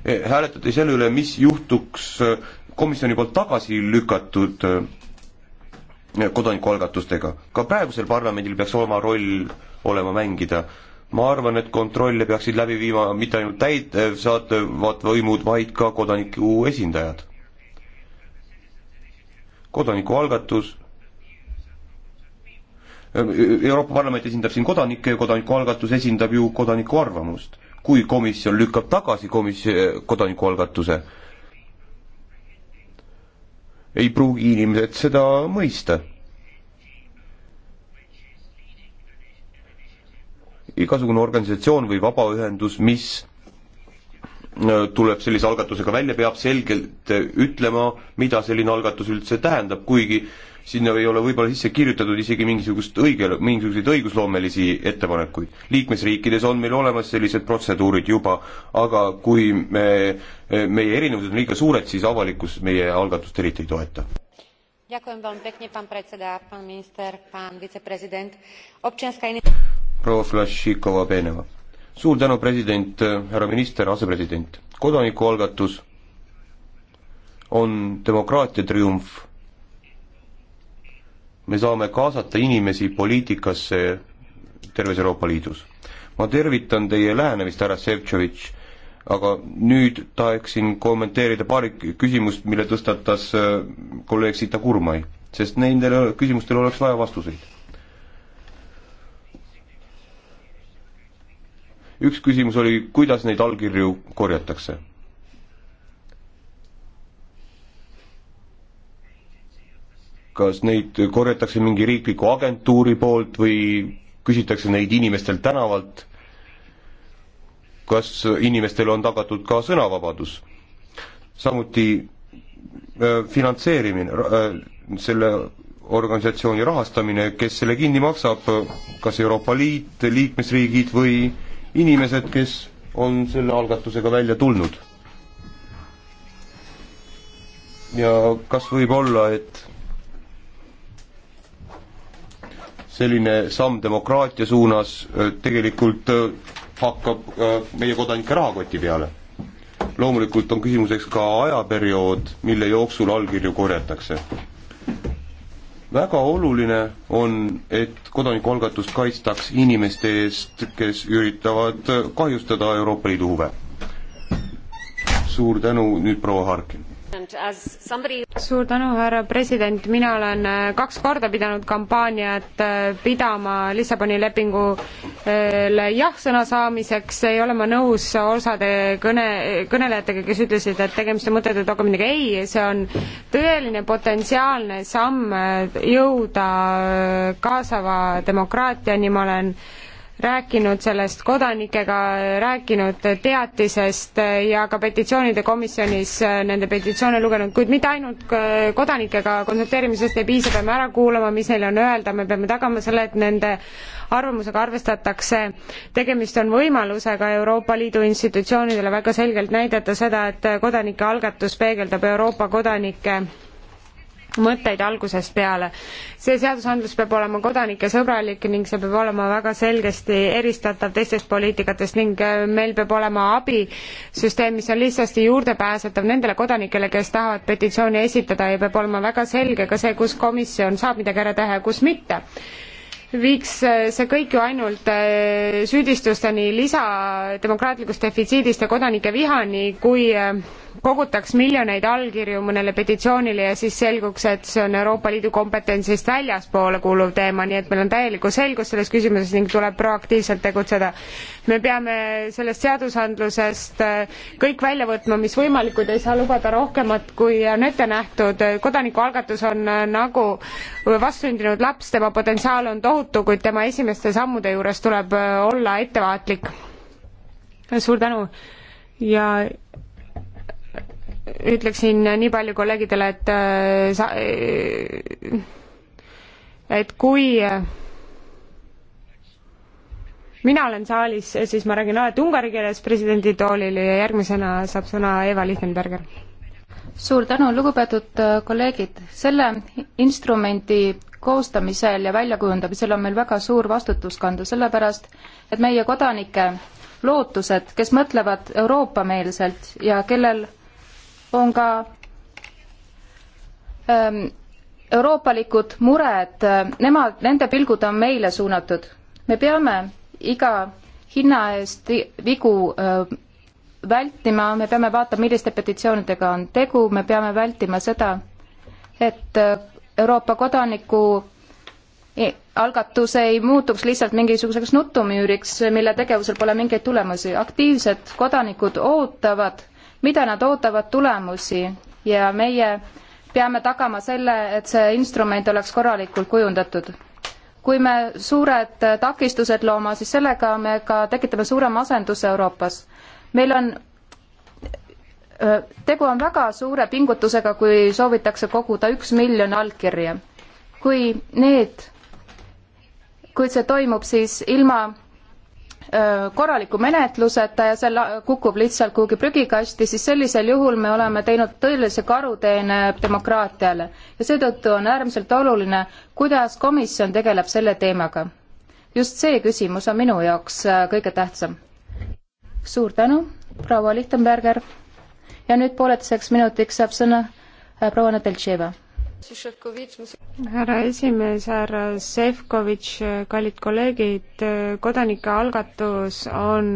Speaker 2: eh, hääletati selle üle, mis juhtuks eh, komisjoni poolt tagasi lükatud eh, kodanikualgatustega. ka praegusel parlamendil peaks oma roll olema mängida. ma arvan, et kontrolle peaksid läbi viima mitte ainult täidesaatevad võimud, vaid ka kodaniku esindajad. kodanikualgatus Ehm, Euroopa Parlament esindab siin kodanikke ja kodanikualgatus esindab ju kodaniku arvamust. kui komisjon lükkab tagasi komis-, kodanikualgatuse, ei pruugi inimesed seda mõista. igasugune organisatsioon või vabaühendus, mis tuleb sellise algatusega välja, peab selgelt e, ütlema, mida selline algatus üldse tähendab, kuigi äh, sinna ei ole võib-olla sisse kirjutatud isegi mingisugust õige, mingisuguseid õigusloomelisi ettepanekuid. liikmesriikides on meil olemas sellised protseduurid juba, aga kui me, meie erinevused on liiga suured, siis avalikkus meie algatust eriti ei toeta. proua Flašikova-Peeneva, suur tänu, president, härra minister, asepresident. kodanikualgatus on demokraatia triumf me saame kaasata inimesi poliitikasse terves Euroopa Liidus. ma tervitan teie lähenemist, härra Šefčovitš, aga nüüd tahaksin kommenteerida paari küsimust, mille tõstatas äh, kolleeg Sita Kurmai, sest nendele küsimustele oleks vaja vastuseid. üks küsimus oli, kuidas neid allkirju korjatakse kas neid korjatakse mingi riikliku agentuuri poolt või küsitakse neid inimestel tänavalt, kas inimestele on tagatud ka sõnavabadus? samuti äh, finantseerimine äh,, selle organisatsiooni rahastamine, kes selle kinni maksab, kas Euroopa Liit, liikmesriigid või inimesed, kes on selle algatusega välja tulnud? ja kas võib olla, et selline samm demokraatia suunas äh, tegelikult äh, hakkab äh, meie kodanike rahakoti peale. loomulikult on küsimuseks ka ajaperiood, mille jooksul allkirju korjatakse. väga oluline on, et kodanikualgatust kaitstaks inimeste eest, kes üritavad kahjustada Euroopa Liidu huve. suur tänu, nüüd proua Harkin.
Speaker 4: Somebody... suur tänu, härra president, mina olen äh, kaks korda pidanud kampaaniat äh, pidama Lissaboni lepingule äh, jah-sõna saamiseks, ei ole ma nõus osade kõne, kõnelejatega, kes ütlesid, et tegemist on mõttetu dokumendiga, ei, see on tõeline potentsiaalne samm jõuda kaasava demokraatiani, ma olen äh, rääkinud sellest kodanikega, rääkinud teatisest ja ka petitsioonide komisjonis nende petitsioone lugenud, kuid mitte ainult kodanikega konsulteerimisest ei piisa, peame ära kuulama, mis neil on öelda, me peame tagama selle, et nende arvamusega arvestatakse. tegemist on võimalusega Euroopa Liidu institutsioonidele väga selgelt näidata seda, et kodanike algatus peegeldab Euroopa kodanike mõtteid algusest peale. see seadusandlus peab olema kodanikesõbralik ning see peab olema väga selgesti eristatav teistest poliitikatest ning äh, meil peab olema abisüsteem, mis on lihtsasti juurdepääsetav nendele kodanikele, kes tahavad petitsiooni esitada ja peab olema väga selge ka see, kus komisjon saab midagi ära teha ja kus mitte viiks äh, see kõik ju ainult äh, süüdistusteni lisademokraatlikust defitsiidist ja kodanike vihani, kui kogutaks miljoneid allkirju mõnele petitsioonile ja siis selguks, et see on Euroopa Liidu kompetentsist väljaspoole kuuluv teema, nii et meil on täielikku selgust selles küsimuses ning tuleb proaktiivselt tegutseda. me peame sellest seadusandlusest äh, kõik välja võtma, mis võimalikud, ei saa lubada rohkemat, kui on ette nähtud. kodanikualgatus on äh, nagu vastsündinud laps, tema potentsiaal on tohutu, kuid tema esimeste sammude juures tuleb äh, olla ettevaatlik. suur tänu ja ütleksin nii palju kolleegidele, et äh, sa-, äh, et kui äh, mina olen saalis, siis ma räägin alati ungari keeles presidendi toolil ja järgmisena saab sõna Eva Lichtenberger. suur
Speaker 5: tänu, lugupeetud kolleegid, selle instrumendi koostamisel ja väljakujundamisel on meil väga suur vastutus kanda, sellepärast et meie kodanike lootused, kes mõtlevad Euroopa-meelselt ja kellel on ka ähm, euroopalikud mured, äh, nemad, nende pilgud on meile suunatud. me peame iga hinna eest vigu äh, vältima, me peame vaatama, milliste petitsioonidega on tegu, me peame vältima seda, et äh, Euroopa kodaniku e, algatus ei muutuks lihtsalt mingisuguseks nutumüüriks, mille tegevusel pole mingeid tulemusi. aktiivsed kodanikud ootavad mida nad ootavad tulemusi ja meie peame tagama selle, et see instrument oleks korralikult kujundatud. kui me suured takistused looma, siis sellega me ka tekitame suurema asenduse Euroopas. meil on, tegu on väga suure pingutusega, kui soovitakse koguda üks miljon allkirja. kui need, kuid see toimub siis ilma Äh, korraliku menetluseta ja see kukub lihtsalt kuhugi prügikasti, siis sellisel juhul me oleme teinud tõelise karuteene demokraatiale. ja seetõttu on äärmiselt oluline, kuidas komisjon tegeleb selle teemaga. just see küsimus on minu jaoks äh, kõige tähtsam. suur tänu, proua Lichtenberger. ja nüüd pooleteiseks minutiks saab sõna äh, proua Nadeltševa
Speaker 4: härra esimees, härra Sefkovitš, kallid kolleegid, kodanikealgatus on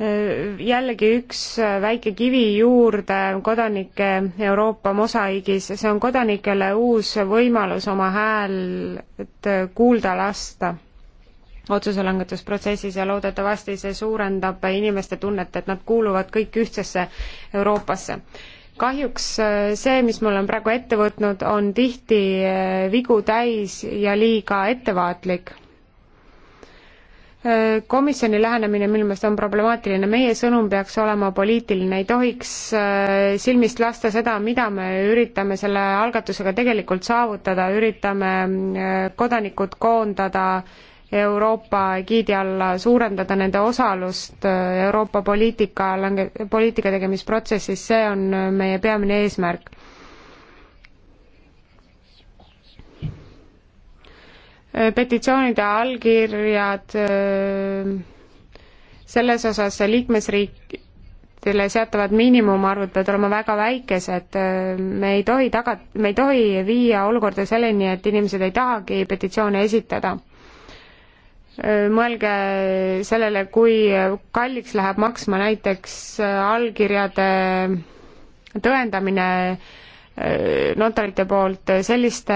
Speaker 4: eh, jällegi üks eh, väike kivi juurde kodanike Euroopa mosaiigis, see on kodanikele uus võimalus oma häält eh, kuulda lasta otsuselangetusprotsessis ja loodetavasti see suurendab inimeste tunnet, et nad kuuluvad kõik ühtsesse Euroopasse kahjuks äh, see, mis ma olen praegu ette võtnud, on tihti äh, vigu täis ja liiga ettevaatlik. Äh, komisjoni lähenemine minu meelest on problemaatiline, meie sõnum peaks olema poliitiline, ei tohiks silmist lasta seda, mida me üritame selle algatusega tegelikult saavutada, üritame kodanikud koondada Euroopa egiidi alla, suurendada nende osalust äh, Euroopa poliitika lange-, poliitika tegemisprotsessis, see on äh, meie peamine eesmärk. Äh, petitsioonide allkirjad selles osas liikmesriik, projektile seatavad miinimumarvud peavad olema väga väikesed, me ei tohi taga, me ei tohi viia olukorda selleni, et inimesed ei tahagi petitsioone esitada. Äh, mõelge sellele, kui kalliks läheb maksma näiteks äh, allkirjade tõendamine äh, notarite poolt, selliste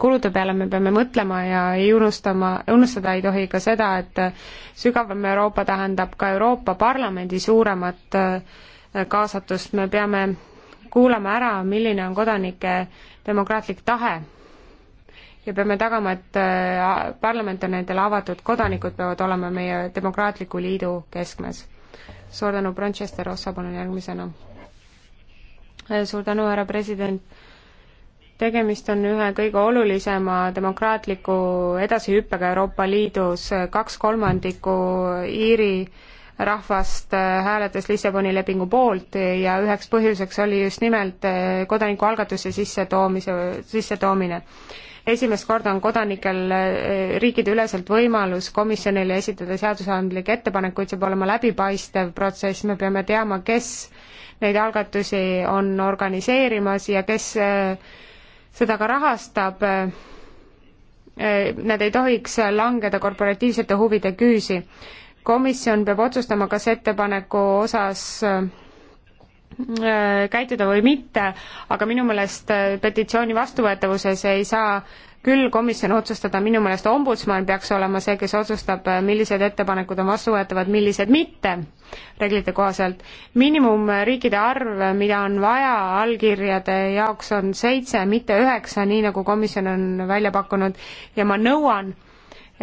Speaker 4: kulude peale me peame mõtlema ja ei unustama, unustada ei tohi ka seda, et sügavam Euroopa tähendab ka Euroopa Parlamendi suuremat kaasatust, me peame kuulama ära, milline on kodanike demokraatlik tahe ja peame tagama, et äh, parlament on nendele avatud, kodanikud peavad olema meie demokraatliku liidu keskmes. suur tänu, Manchester Ossa, palun järgmisena. Äh, suur tänu, härra president. tegemist on ühe kõige olulisema demokraatliku edasihüppega Euroopa Liidus, kaks kolmandikku Iiri rahvast äh, hääletas Lissaboni lepingu poolt ja üheks põhjuseks oli just nimelt kodanikualgatuse sissetoomise, sissetoomine esimest korda on kodanikel eh, riikideüleselt võimalus komisjonile esitada seadusandlikke ettepanekuid, see peab olema läbipaistev protsess, me peame teama, kes neid algatusi on organiseerimas ja kes eh, seda ka rahastab. Eh, Need ei tohiks langeda korporatiivsete huvide küüsi. komisjon peab otsustama, kas ettepaneku osas Äh, käituda või mitte, aga minu meelest äh, petitsiooni vastuvõetavuses ei saa küll komisjon otsustada, minu meelest ombudsman peaks olema see, kes otsustab, äh, millised ettepanekud on vastuvõetavad, millised mitte, reeglite kohaselt. miinimumriikide arv, mida on vaja allkirjade jaoks, on seitse, mitte üheksa, nii nagu komisjon on välja pakkunud ja ma nõuan,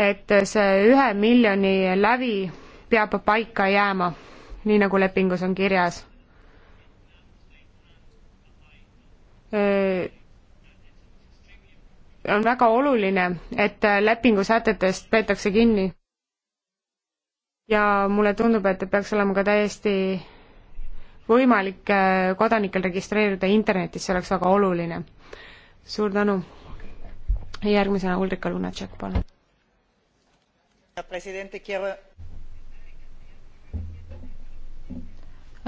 Speaker 4: et see ühe miljoni lävi peab paika jääma, nii nagu lepingus on kirjas on väga oluline, et lepingu sätetest peetakse kinni. ja mulle tundub, et peaks olema ka täiesti võimalik kodanikel registreeruda internetis, see oleks väga oluline. suur tänu. järgmisena Ulrika Lunatšek, palun.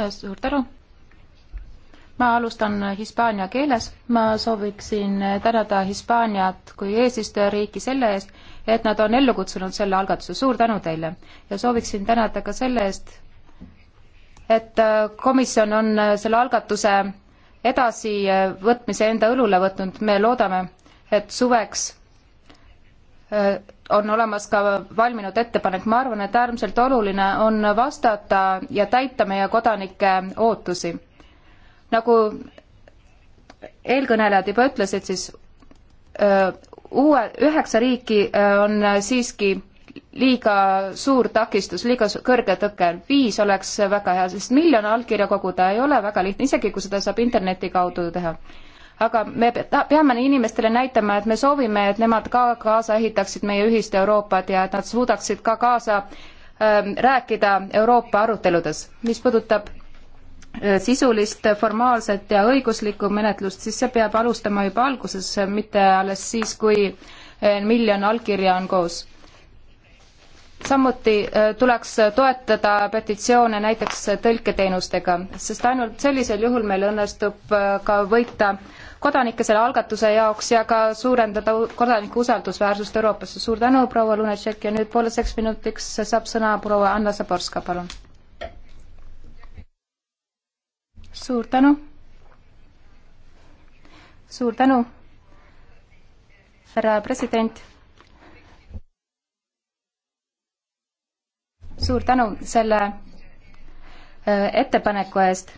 Speaker 5: suur tänu ma alustan hispaania keeles. ma sooviksin tänada Hispaaniat kui eesistujariiki selle eest, et nad on ellu kutsunud selle algatuse. suur tänu teile! ja sooviksin tänada ka selle eest, et komisjon on selle algatuse edasivõtmise enda õlule võtnud, me loodame, et suveks äh, on olemas ka valminud ettepanek, ma arvan, et äärmiselt oluline on vastata ja täita meie kodanike ootusi nagu eelkõnelejad juba ütlesid, siis öö, uue, üheksa riiki öö, on siiski liiga suur takistus, liiga kõrge tõke. viis oleks väga hea, sest miljon allkirja koguda ei ole väga lihtne, isegi kui seda saab interneti kaudu teha. aga me peame inimestele näitama, et me soovime, et nemad ka kaasa ehitaksid meie ühist Euroopat ja et nad suudaksid ka kaasa äh, rääkida Euroopa aruteludes. mis puudutab Äh, sisulist formaalset ja õiguslikku menetlust, siis see peab alustama juba alguses, mitte alles siis, kui äh, miljon allkirja on koos. samuti äh, tuleks toetada petitsioone näiteks tõlketeenustega, sest ainult sellisel juhul meil õnnestub ka võita kodanike selle algatuse jaoks ja ka suurendada kodanike usaldusväärsust Euroopasse. suur tänu, proua Lunatšek ja nüüd pooleteiseks minutiks saab sõna proua Anna Zaborska, palun suur tänu. suur tänu, härra president. suur tänu selle äh, ettepaneku eest.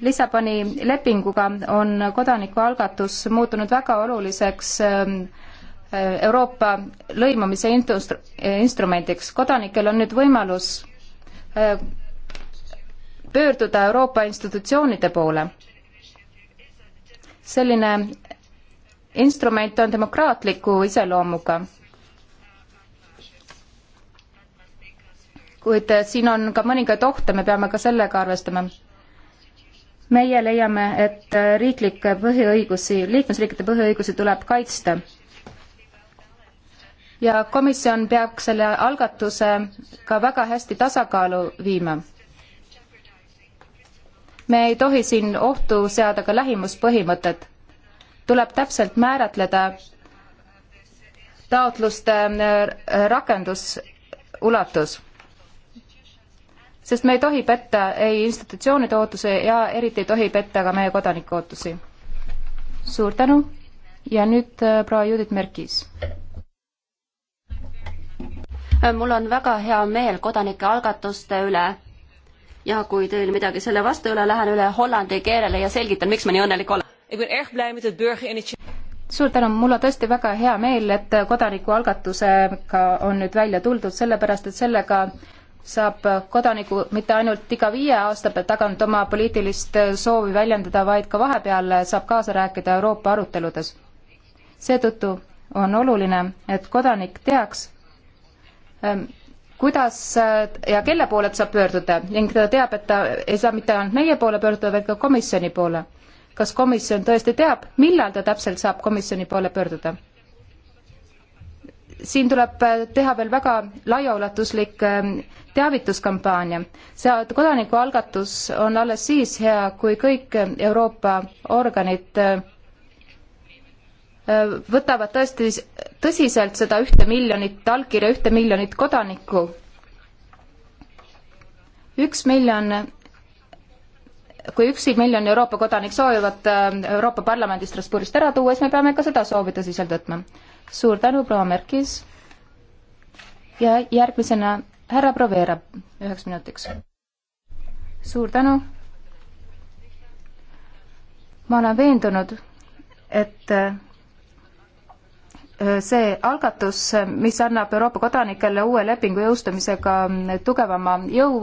Speaker 5: Lissaboni lepinguga on kodanikualgatus muutunud väga oluliseks ähm, äh, Euroopa lõimumise instrumendiks. kodanikel on nüüd võimalus äh, pöörduda Euroopa institutsioonide poole. selline instrument on demokraatliku iseloomuga. kuid siin on ka mõningaid ohte, me peame ka sellega arvestama. meie leiame, et riiklikke põhiõigusi, liikmesriikide põhiõigusi tuleb kaitsta. ja komisjon peab selle algatuse ka väga hästi tasakaalu viima me ei tohi siin ohtu seada ka lähimuspõhimõtet. tuleb täpselt määratleda taotluste äh, rakendusulatus. sest me ei tohi petta ei institutsioonide ootusi ja eriti ei tohi petta ka meie kodanike ootusi. suur tänu ja nüüd äh, proua Judith Merkis
Speaker 3: äh, mul on väga hea meel kodanike algatuste üle ja kui teil midagi selle vastu ei ole, lähen üle hollandi keelele ja selgitan, miks ma nii õnnelik olen. suur tänu, mul on tõesti väga hea meel, et
Speaker 5: kodanikualgatusega on nüüd välja tuldud, sellepärast et sellega saab kodaniku mitte ainult iga viie aasta pealt tagant oma poliitilist soovi väljendada, vaid ka vahepeal saab kaasa rääkida Euroopa aruteludes. seetõttu on oluline, et kodanik teaks, kuidas ja kelle poole ta saab pöörduda ning ta teab, et ta ei saa mitte ainult meie poole pöörduda, vaid ka komisjoni poole. kas komisjon tõesti teab, millal ta täpselt saab komisjoni poole pöörduda? siin tuleb teha veel väga laiaulatuslik ähm, teavituskampaania. see kodanikualgatus on alles siis hea, kui kõik Euroopa organid äh, võtavad tõesti tõsiselt seda ühte miljonit allkirja, ühte miljonit kodanikku. üks miljon, kui üks miljon Euroopa kodanik soovivad äh, Euroopa Parlamendi Strasbourgist ära tuua, siis me peame ka seda soovi tõsiselt võtma. suur tänu, proua Merkis. ja järgmisena härra Provera üheks minutiks. suur tänu. ma olen veendunud, et äh, see algatus, mis annab Euroopa kodanikele uue lepingu jõustamisega tugevama jõu,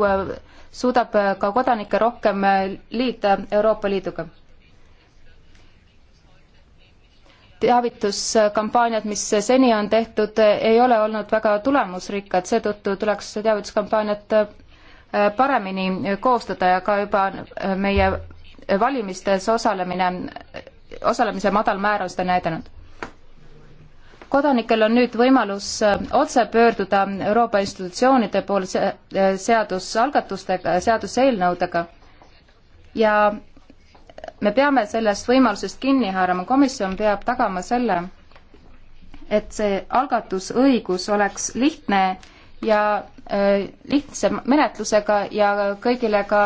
Speaker 5: suudab ka kodanikke rohkem liita Euroopa Liiduga. teavituskampaaniad, mis seni on tehtud, ei ole olnud väga tulemusrikkad, seetõttu tuleks teavituskampaaniat paremini koostada ja ka juba meie valimistes osalemine, osalemise madal määr on seda näidanud kodanikel on nüüd võimalus äh, otse pöörduda Euroopa institutsioonide poole äh, seadusalgatustega, äh, seaduseelnõudega ja me peame sellest võimalusest kinni haarama, komisjon peab tagama selle, et see algatusõigus oleks lihtne ja lihtsa menetlusega ja kõigile ka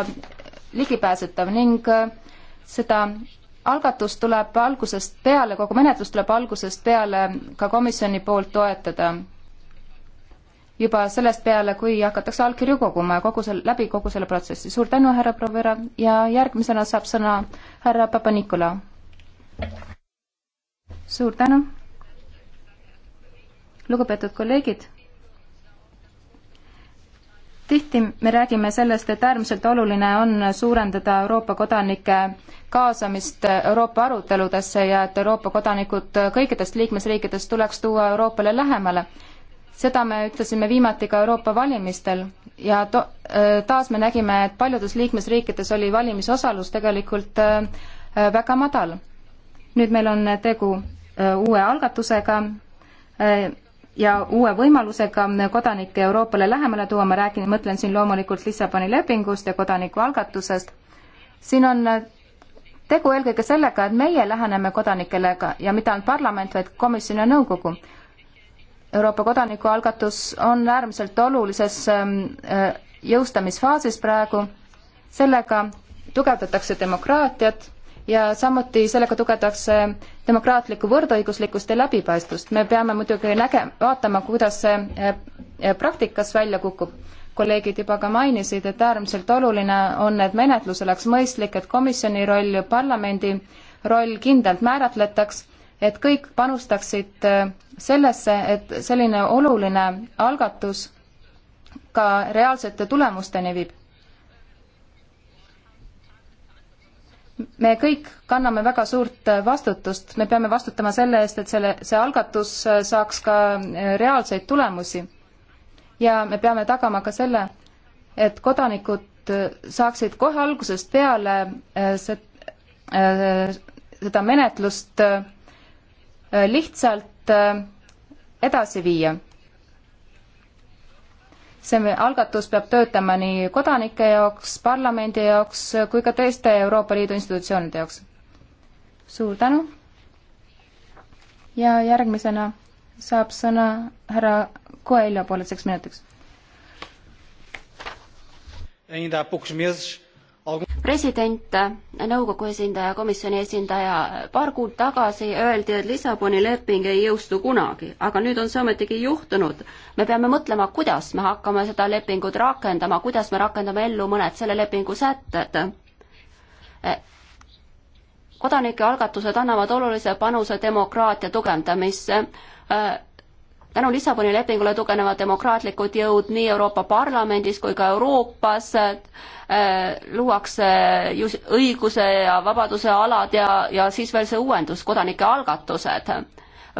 Speaker 5: ligipääsetav ning seda algatus tuleb algusest peale, kogu menetlus tuleb algusest peale ka komisjoni poolt toetada. juba sellest peale, kui hakatakse allkirju koguma ja kogu selle, läbi kogu selle protsessi. suur tänu, härra Provera ja järgmisena saab sõna härra Papa-Nikola. suur tänu. lugupeetud kolleegid tihti me räägime sellest, et äärmiselt oluline on suurendada Euroopa kodanike kaasamist Euroopa aruteludesse ja et Euroopa kodanikud kõikidest liikmesriikidest tuleks tuua Euroopale lähemale. seda me ütlesime viimati ka Euroopa valimistel ja to-, äh, taas me nägime, et paljudes liikmesriikides oli valimisosalus tegelikult äh, väga madal. nüüd meil on tegu äh, uue algatusega, ja uue võimalusega kodanikke Euroopale lähemale tuua, ma räägin, mõtlen siin loomulikult Lissaboni lepingust ja kodanikualgatusest. siin on tegu eelkõige sellega, et meie läheneme kodanikele ka ja mitte ainult parlament, vaid komisjon ja nõukogu. Euroopa kodanikualgatus on äärmiselt olulises ähm, äh, jõustamisfaasis praegu, sellega tugevdatakse demokraatiat ja samuti sellega tugevdatakse demokraatlikku võrdõiguslikkust ja läbipaistvust. me peame muidugi näge-, vaatama, kuidas see eh, eh, praktikas välja kukub. kolleegid juba ka mainisid, et äärmiselt oluline on, et menetlus oleks mõistlik, et komisjoni roll ja parlamendi roll kindlalt määratletaks, et kõik panustaksid eh, sellesse, et selline oluline algatus ka reaalsete tulemusteni viib me kõik kanname väga suurt vastutust, me peame vastutama selle eest, et selle, see algatus saaks ka äh, reaalseid tulemusi. ja me peame tagama ka selle, et kodanikud äh, saaksid kohe algusest peale äh, see, seda menetlust lihtsalt edasi viia see algatus peab töötama nii kodanike jaoks, parlamendi jaoks kui ka teiste Euroopa Liidu institutsioonide jaoks. suur tänu. ja järgmisena saab sõna härra Coelho pooleteiseks minutiks. Ainda há poucos meses
Speaker 3: president, nõukogu esindaja, komisjoni esindaja, paar kuud tagasi öeldi, et Lissaboni leping ei jõustu kunagi, aga nüüd on see ometigi juhtunud. me peame mõtlema, kuidas me hakkame seda lepingut rakendama, kuidas me rakendame ellu mõned selle lepingu sätted. kodanike algatused annavad olulise panuse demokraatia tugevdamisse tänu Lissaboni lepingule tugevnevad demokraatlikud jõud nii Euroopa Parlamendis kui ka Euroopas äh,, luuakse just õiguse ja vabaduse alad ja, ja siis veel see uuendus, kodanike algatused.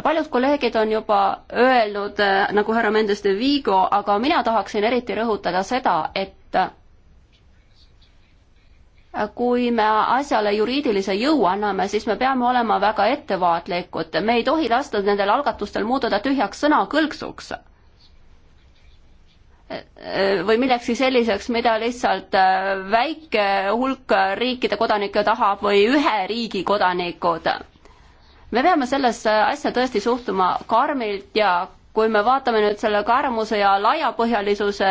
Speaker 3: paljud kolleegid on juba öelnud äh,, nagu härra Mendes de Vigo, aga mina tahaksin eriti rõhutada seda, et kui me asjale juriidilise jõu anname, siis me peame olema väga ettevaatlikud, me ei tohi lasta nendel algatustel muutuda tühjaks sõnakõlksuks. või millekski selliseks, mida lihtsalt äh, väike hulk riikide kodanikke tahab või ühe riigi kodanikud. me peame sellesse asja tõesti suhtuma karmilt ja kui me vaatame nüüd selle karmuse ja laiapõhjalisuse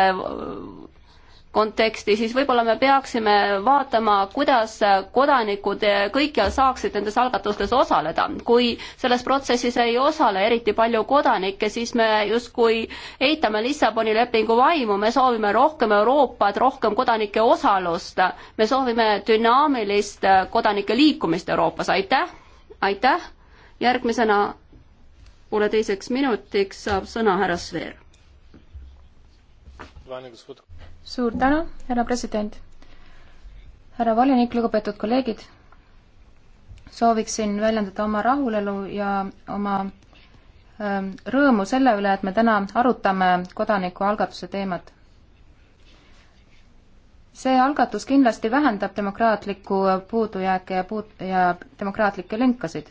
Speaker 3: konteksti, siis võib-olla me peaksime vaatama, kuidas kodanikud kõikjal saaksid nendes algatustes osaleda. kui selles protsessis ei osale eriti palju kodanikke, siis me justkui eitame Lissaboni lepingu vaimu, me soovime rohkem Euroopat, rohkem kodanike osalust, me soovime dünaamilist kodanike liikumist Euroopas, aitäh, aitäh, järgmisena pooleteiseks minutiks saab sõna härra Sveer suur
Speaker 5: tänu, härra president. härra volinik, lugupeetud kolleegid, sooviksin väljendada oma rahulolu ja oma ähm, rõõmu selle üle, et me täna arutame kodanikualgatuse teemat. see algatus kindlasti vähendab demokraatlikku puudujääke ja puud- ja demokraatlikke lünkasid.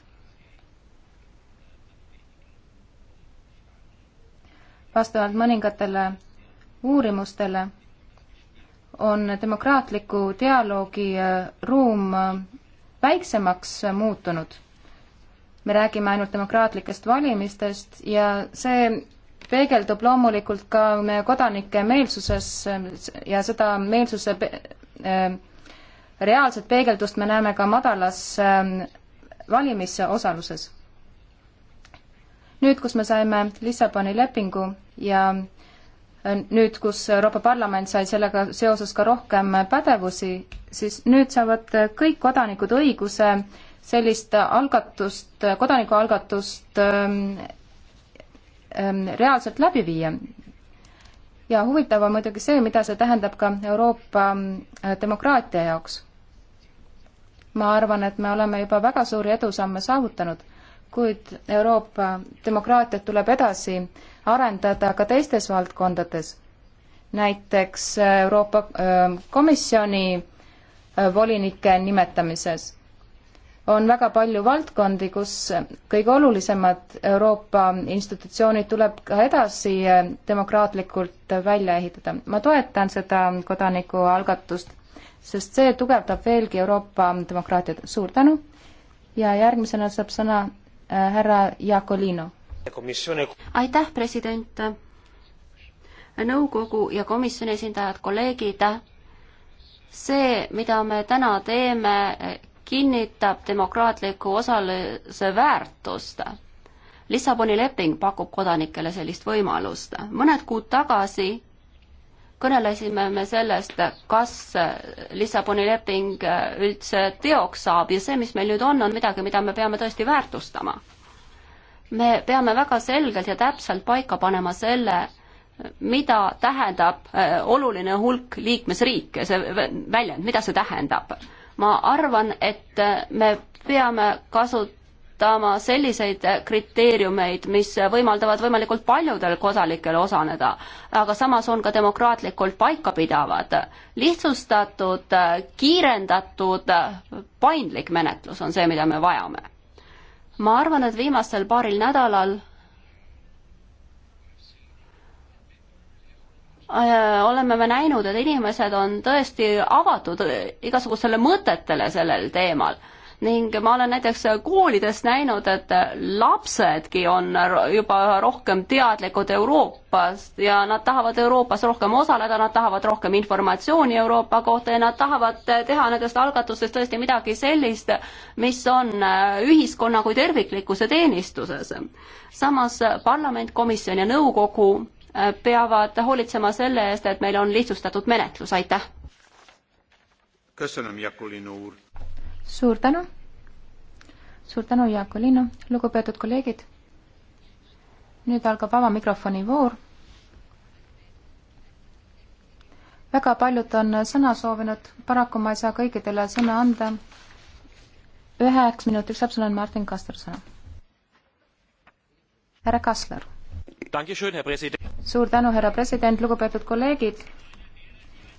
Speaker 5: vastavalt mõningatele uurimustele on demokraatliku dialoogi äh, ruum äh, väiksemaks äh, muutunud. me räägime ainult demokraatlikest valimistest ja see peegeldub loomulikult ka meie kodanike meelsuses ja seda meelsuse pe reaalset peegeldust me näeme ka madalas valimisosaluses. nüüd, kus me saime Lissaboni lepingu ja nüüd, kus Euroopa Parlament sai sellega seoses ka rohkem pädevusi, siis nüüd saavad kõik kodanikud õiguse sellist algatust, kodanikualgatust ähm, ähm, reaalselt läbi viia. ja huvitav on muidugi see, mida see tähendab ka Euroopa äh, demokraatia jaoks. ma arvan, et me oleme juba väga suuri edusamme saavutanud kuid Euroopa demokraatiat tuleb edasi arendada ka teistes valdkondades. näiteks äh, Euroopa äh, Komisjoni äh, volinike nimetamises on väga palju valdkondi, kus kõige olulisemad Euroopa institutsioonid tuleb ka edasi demokraatlikult välja ehitada. ma toetan seda kodanikualgatust, sest see tugevdab veelgi Euroopa demokraatiat. suur tänu ja järgmisena saab sõna Äh, härra Jakolino.
Speaker 3: aitäh, president! nõukogu ja komisjoni esindajad, kolleegid, see, mida me täna teeme, kinnitab demokraatliku osaluse väärtust. Lissaboni leping pakub kodanikele sellist võimalust. mõned kuud tagasi kõnelesime me sellest, kas Lissaboni leping üldse teoks saab ja see, mis meil nüüd on, on midagi, mida me peame tõesti väärtustama. me peame väga selgelt ja täpselt paika panema selle, mida tähendab äh, oluline hulk liikmesriike, see väljend, mida see tähendab. ma arvan, et äh, me peame kasut-, kasutama selliseid kriteeriumeid, mis võimaldavad võimalikult paljudel kodanikel osaneda, aga samas on ka demokraatlikult paikapidavad. lihtsustatud, kiirendatud, paindlik menetlus on see, mida me vajame. ma arvan, et viimasel paaril nädalal äh, oleme me näinud, et inimesed on tõesti avatud igasugustele mõtetele sellel teemal ning ma olen näiteks koolides näinud, et lapsedki on juba rohkem teadlikud Euroopast ja nad tahavad Euroopas rohkem osaleda, nad tahavad rohkem informatsiooni Euroopa kohta ja nad tahavad teha nendest algatustest tõesti midagi sellist, mis on ühiskonna kui terviklikkuse teenistuses. samas parlament, komisjon ja nõukogu peavad hoolitsema selle eest, et meil on lihtsustatud menetlus, aitäh!
Speaker 2: köszönöm, Jakulino úr!
Speaker 3: suur tänu.
Speaker 5: suur tänu, Jaak Olino. lugupeetud kolleegid. nüüd algab vaba mikrofoni voor. väga paljud on sõna soovinud, paraku ma ei saa kõikidele sõna anda. üheks minutiks saab sõna Martin Kastor sõna. härra Kassler. suur tänu, härra president, lugupeetud kolleegid.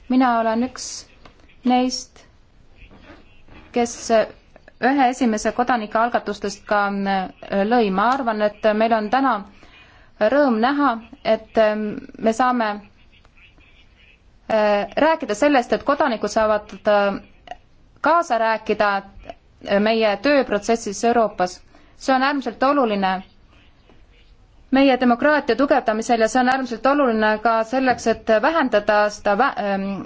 Speaker 5: mina olen üks neist kes ühe esimese kodanike algatustest ka äh, lõi. ma arvan, et meil on täna rõõm näha, et ähm, me saame äh, rääkida sellest, et kodanikud saavad äh, kaasa rääkida meie tööprotsessis Euroopas. see on äärmiselt oluline meie demokraatia tugevdamisel ja see on äärmiselt oluline ka selleks, et vähendada seda vä ähm,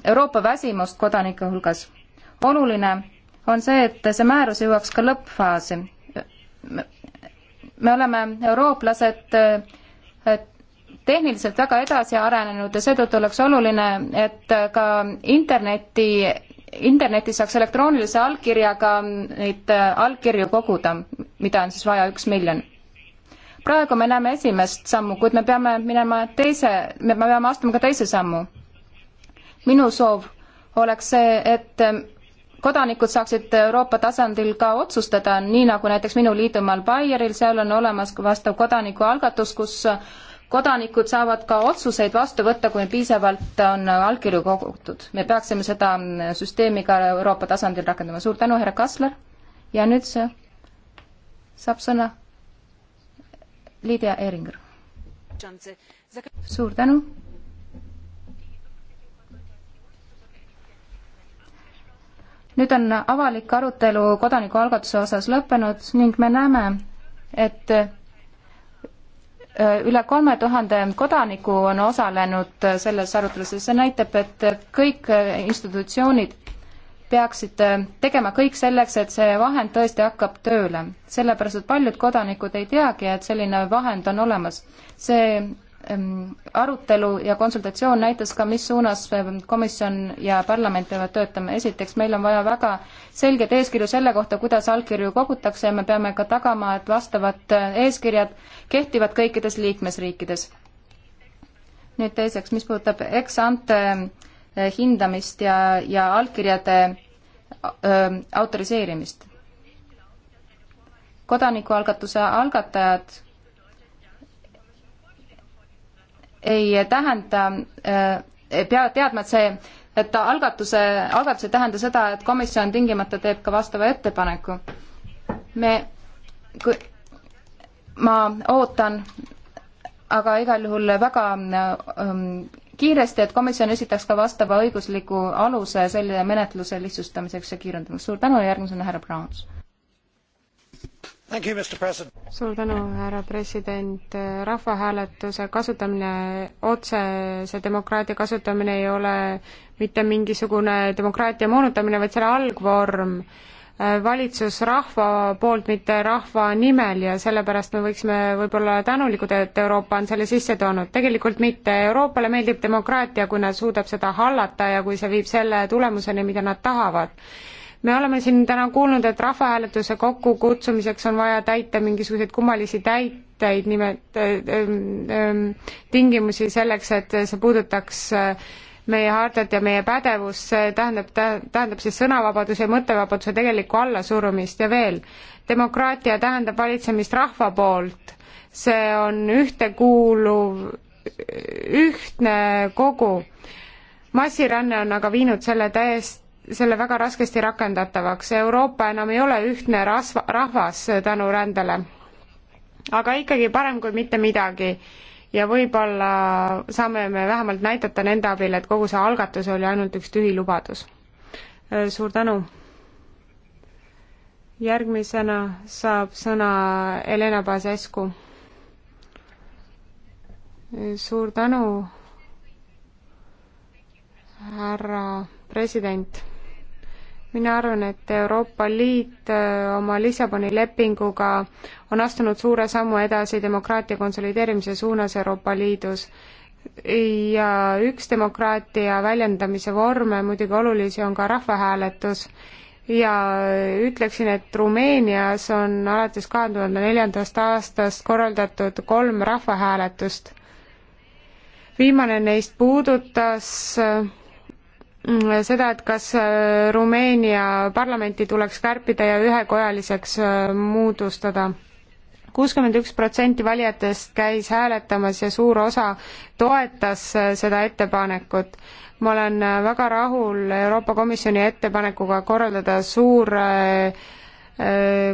Speaker 5: Euroopa väsimust kodanike hulgas. oluline on see, et see määrus jõuaks ka lõppfaasi. me oleme, eurooplased, eh, tehniliselt väga edasi arenenud ja seetõttu oleks oluline, et ka interneti, internetis saaks elektroonilise allkirjaga neid allkirju koguda, mida on siis vaja üks miljon praegu me näeme esimest sammu, kuid me peame minema teise, me peame astuma ka teise sammu. minu soov oleks see, et kodanikud saaksid Euroopa tasandil ka otsustada, nii nagu näiteks minu liidumaal Baieril, seal on olemas ka vastav kodanikualgatus, kus kodanikud saavad ka otsuseid vastu võtta, kui piisavalt on allkirju kogutud. me peaksime seda süsteemi ka Euroopa tasandil rakendama. suur tänu, härra Kassler. ja nüüd saab sõna Lydia Eringer. suur tänu nüüd on avalik arutelu kodanikualgatuse osas lõppenud ning me näeme, et äh, üle kolme tuhande kodaniku on osalenud selles arutelus ja see näitab, et kõik institutsioonid peaksid äh, tegema kõik selleks, et see vahend tõesti hakkab tööle. sellepärast, et paljud kodanikud ei teagi, et selline vahend on olemas. see Ähm, arutelu ja konsultatsioon näitas ka, mis suunas ähm, komisjon ja parlament peavad töötama. esiteks, meil on vaja väga selgeid eeskirju selle kohta, kuidas allkirju kogutakse ja me peame ka tagama, et vastavad äh, eeskirjad kehtivad kõikides liikmesriikides. nüüd teiseks, mis puudutab ex-ante äh, hindamist ja, ja allkirjade äh, autoriseerimist. kodanikualgatuse algatajad ei tähenda, äh, pea, teadma, et see, et algatuse, algatus ei tähenda seda, et komisjon tingimata teeb ka vastava ettepaneku. me, kui, ma ootan aga igal juhul väga ähm, kiiresti, et komisjon esitaks ka vastava õigusliku aluse selle menetluse lihtsustamiseks ja kiirendamiseks. suur tänu ja järgmisena härra Browns
Speaker 4: suur tänu, härra president. rahvahääletuse kasutamine, otsese demokraatia kasutamine ei ole mitte mingisugune demokraatia moonutamine, vaid selle algvorm. valitsus rahva poolt, mitte rahva nimel ja sellepärast me võiksime võib-olla tänulikud, et Euroopa on selle sisse toonud. tegelikult mitte, Euroopale meeldib demokraatia, kui nad suudab seda hallata ja kui see viib selle tulemuseni, mida nad tahavad me oleme siin täna kuulnud, et rahvahääletuse kokkukutsumiseks on vaja täita mingisuguseid kummalisi täiteid, nimelt äh, ähm, ähm, tingimusi selleks, et see puudutaks äh, meie hardat ja meie pädevust, see tähendab, tähendab siis sõnavabaduse ja mõttevabaduse tegelikku allasurumist ja veel, demokraatia tähendab valitsemist rahva poolt, see on ühtekuuluv, ühtne kogu massiränne on aga viinud selle täiesti selle väga raskesti rakendatavaks. Euroopa enam ei ole ühtne rasva, rahvas tänu rändele. aga ikkagi parem kui mitte midagi. ja võib-olla saame me vähemalt näidata nende abil, et kogu see algatus oli ainult üks tühi lubadus. Äh, suur tänu! järgmisena saab sõna Helena Bazescu. Äh, suur tänu, härra president mina arvan, et Euroopa Liit äh, oma Lissaboni lepinguga on astunud suure sammu edasi demokraatia konsolideerimise suunas Euroopa Liidus. ja üks demokraatia väljendamise vorme, muidugi olulisi, on ka rahvahääletus ja ütleksin, et Rumeenias on alates kahe tuhande neljandast aastast korraldatud kolm rahvahääletust. viimane neist puudutas äh, Mm, seda, et kas äh, Rumeenia parlamenti tuleks kärpida ja ühekojaliseks äh, moodustada. kuuskümmend üks protsenti valijatest käis hääletamas ja suur osa toetas äh, seda ettepanekut. ma olen väga rahul Euroopa Komisjoni ettepanekuga korraldada suur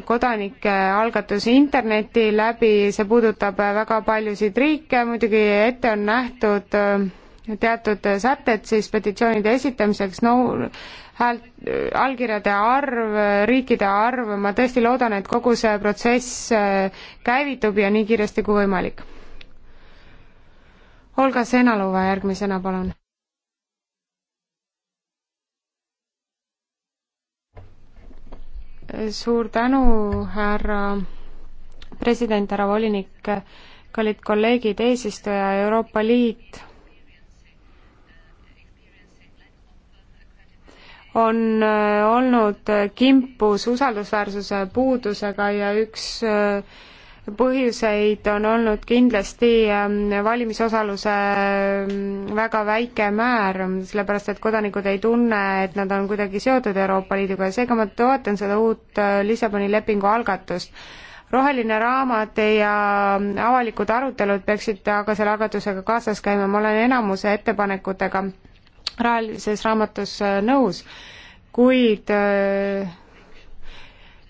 Speaker 4: kodanike algatus interneti läbi, see puudutab väga paljusid riike, muidugi ette on nähtud teatud sätted siis petitsioonide esitamiseks, no häält, allkirjade arv, riikide arv, ma tõesti loodan, et kogu see protsess äh, käivitub ja nii kiiresti kui võimalik. Olga Senalova järgmisena, palun. suur tänu, härra president, härra volinik, kallid kolleegid, eesistuja, Euroopa Liit on äh, olnud äh, kimpus usaldusväärsuse puudusega ja üks äh, põhjuseid on olnud kindlasti ähm, valimisosaluse ähm, väga väike määr, sellepärast et kodanikud ei tunne, et nad on kuidagi seotud Euroopa Liiduga ja seega ma toetan seda uut Lissaboni lepingu algatust roheline raamat ja ähm, avalikud arutelud peaksid aga selle algatusega kaasas käima, ma olen enamuse ettepanekutega rohelises raamatus äh, nõus, kuid äh,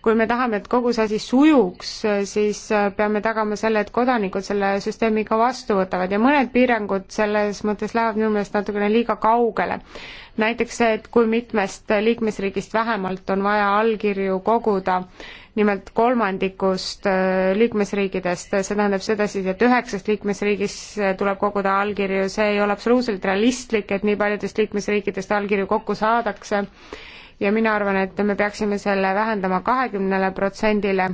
Speaker 4: kui me tahame, et kogu see asi sujuks, äh, siis peame tagama selle, et kodanikud selle süsteemi ka vastu võtavad ja mõned piirangud selles mõttes lähevad minu meelest natukene liiga kaugele. näiteks see, et kui mitmest liikmesriigist vähemalt on vaja allkirju koguda nimelt kolmandikust äh, liikmesriikidest, see tähendab seda siis, et üheksast liikmesriigist äh, tuleb koguda allkirju, see ei ole absoluutselt realistlik, et nii paljudest liikmesriikidest allkirju kokku saadakse ja mina arvan, et me peaksime selle vähendama kahekümnele protsendile.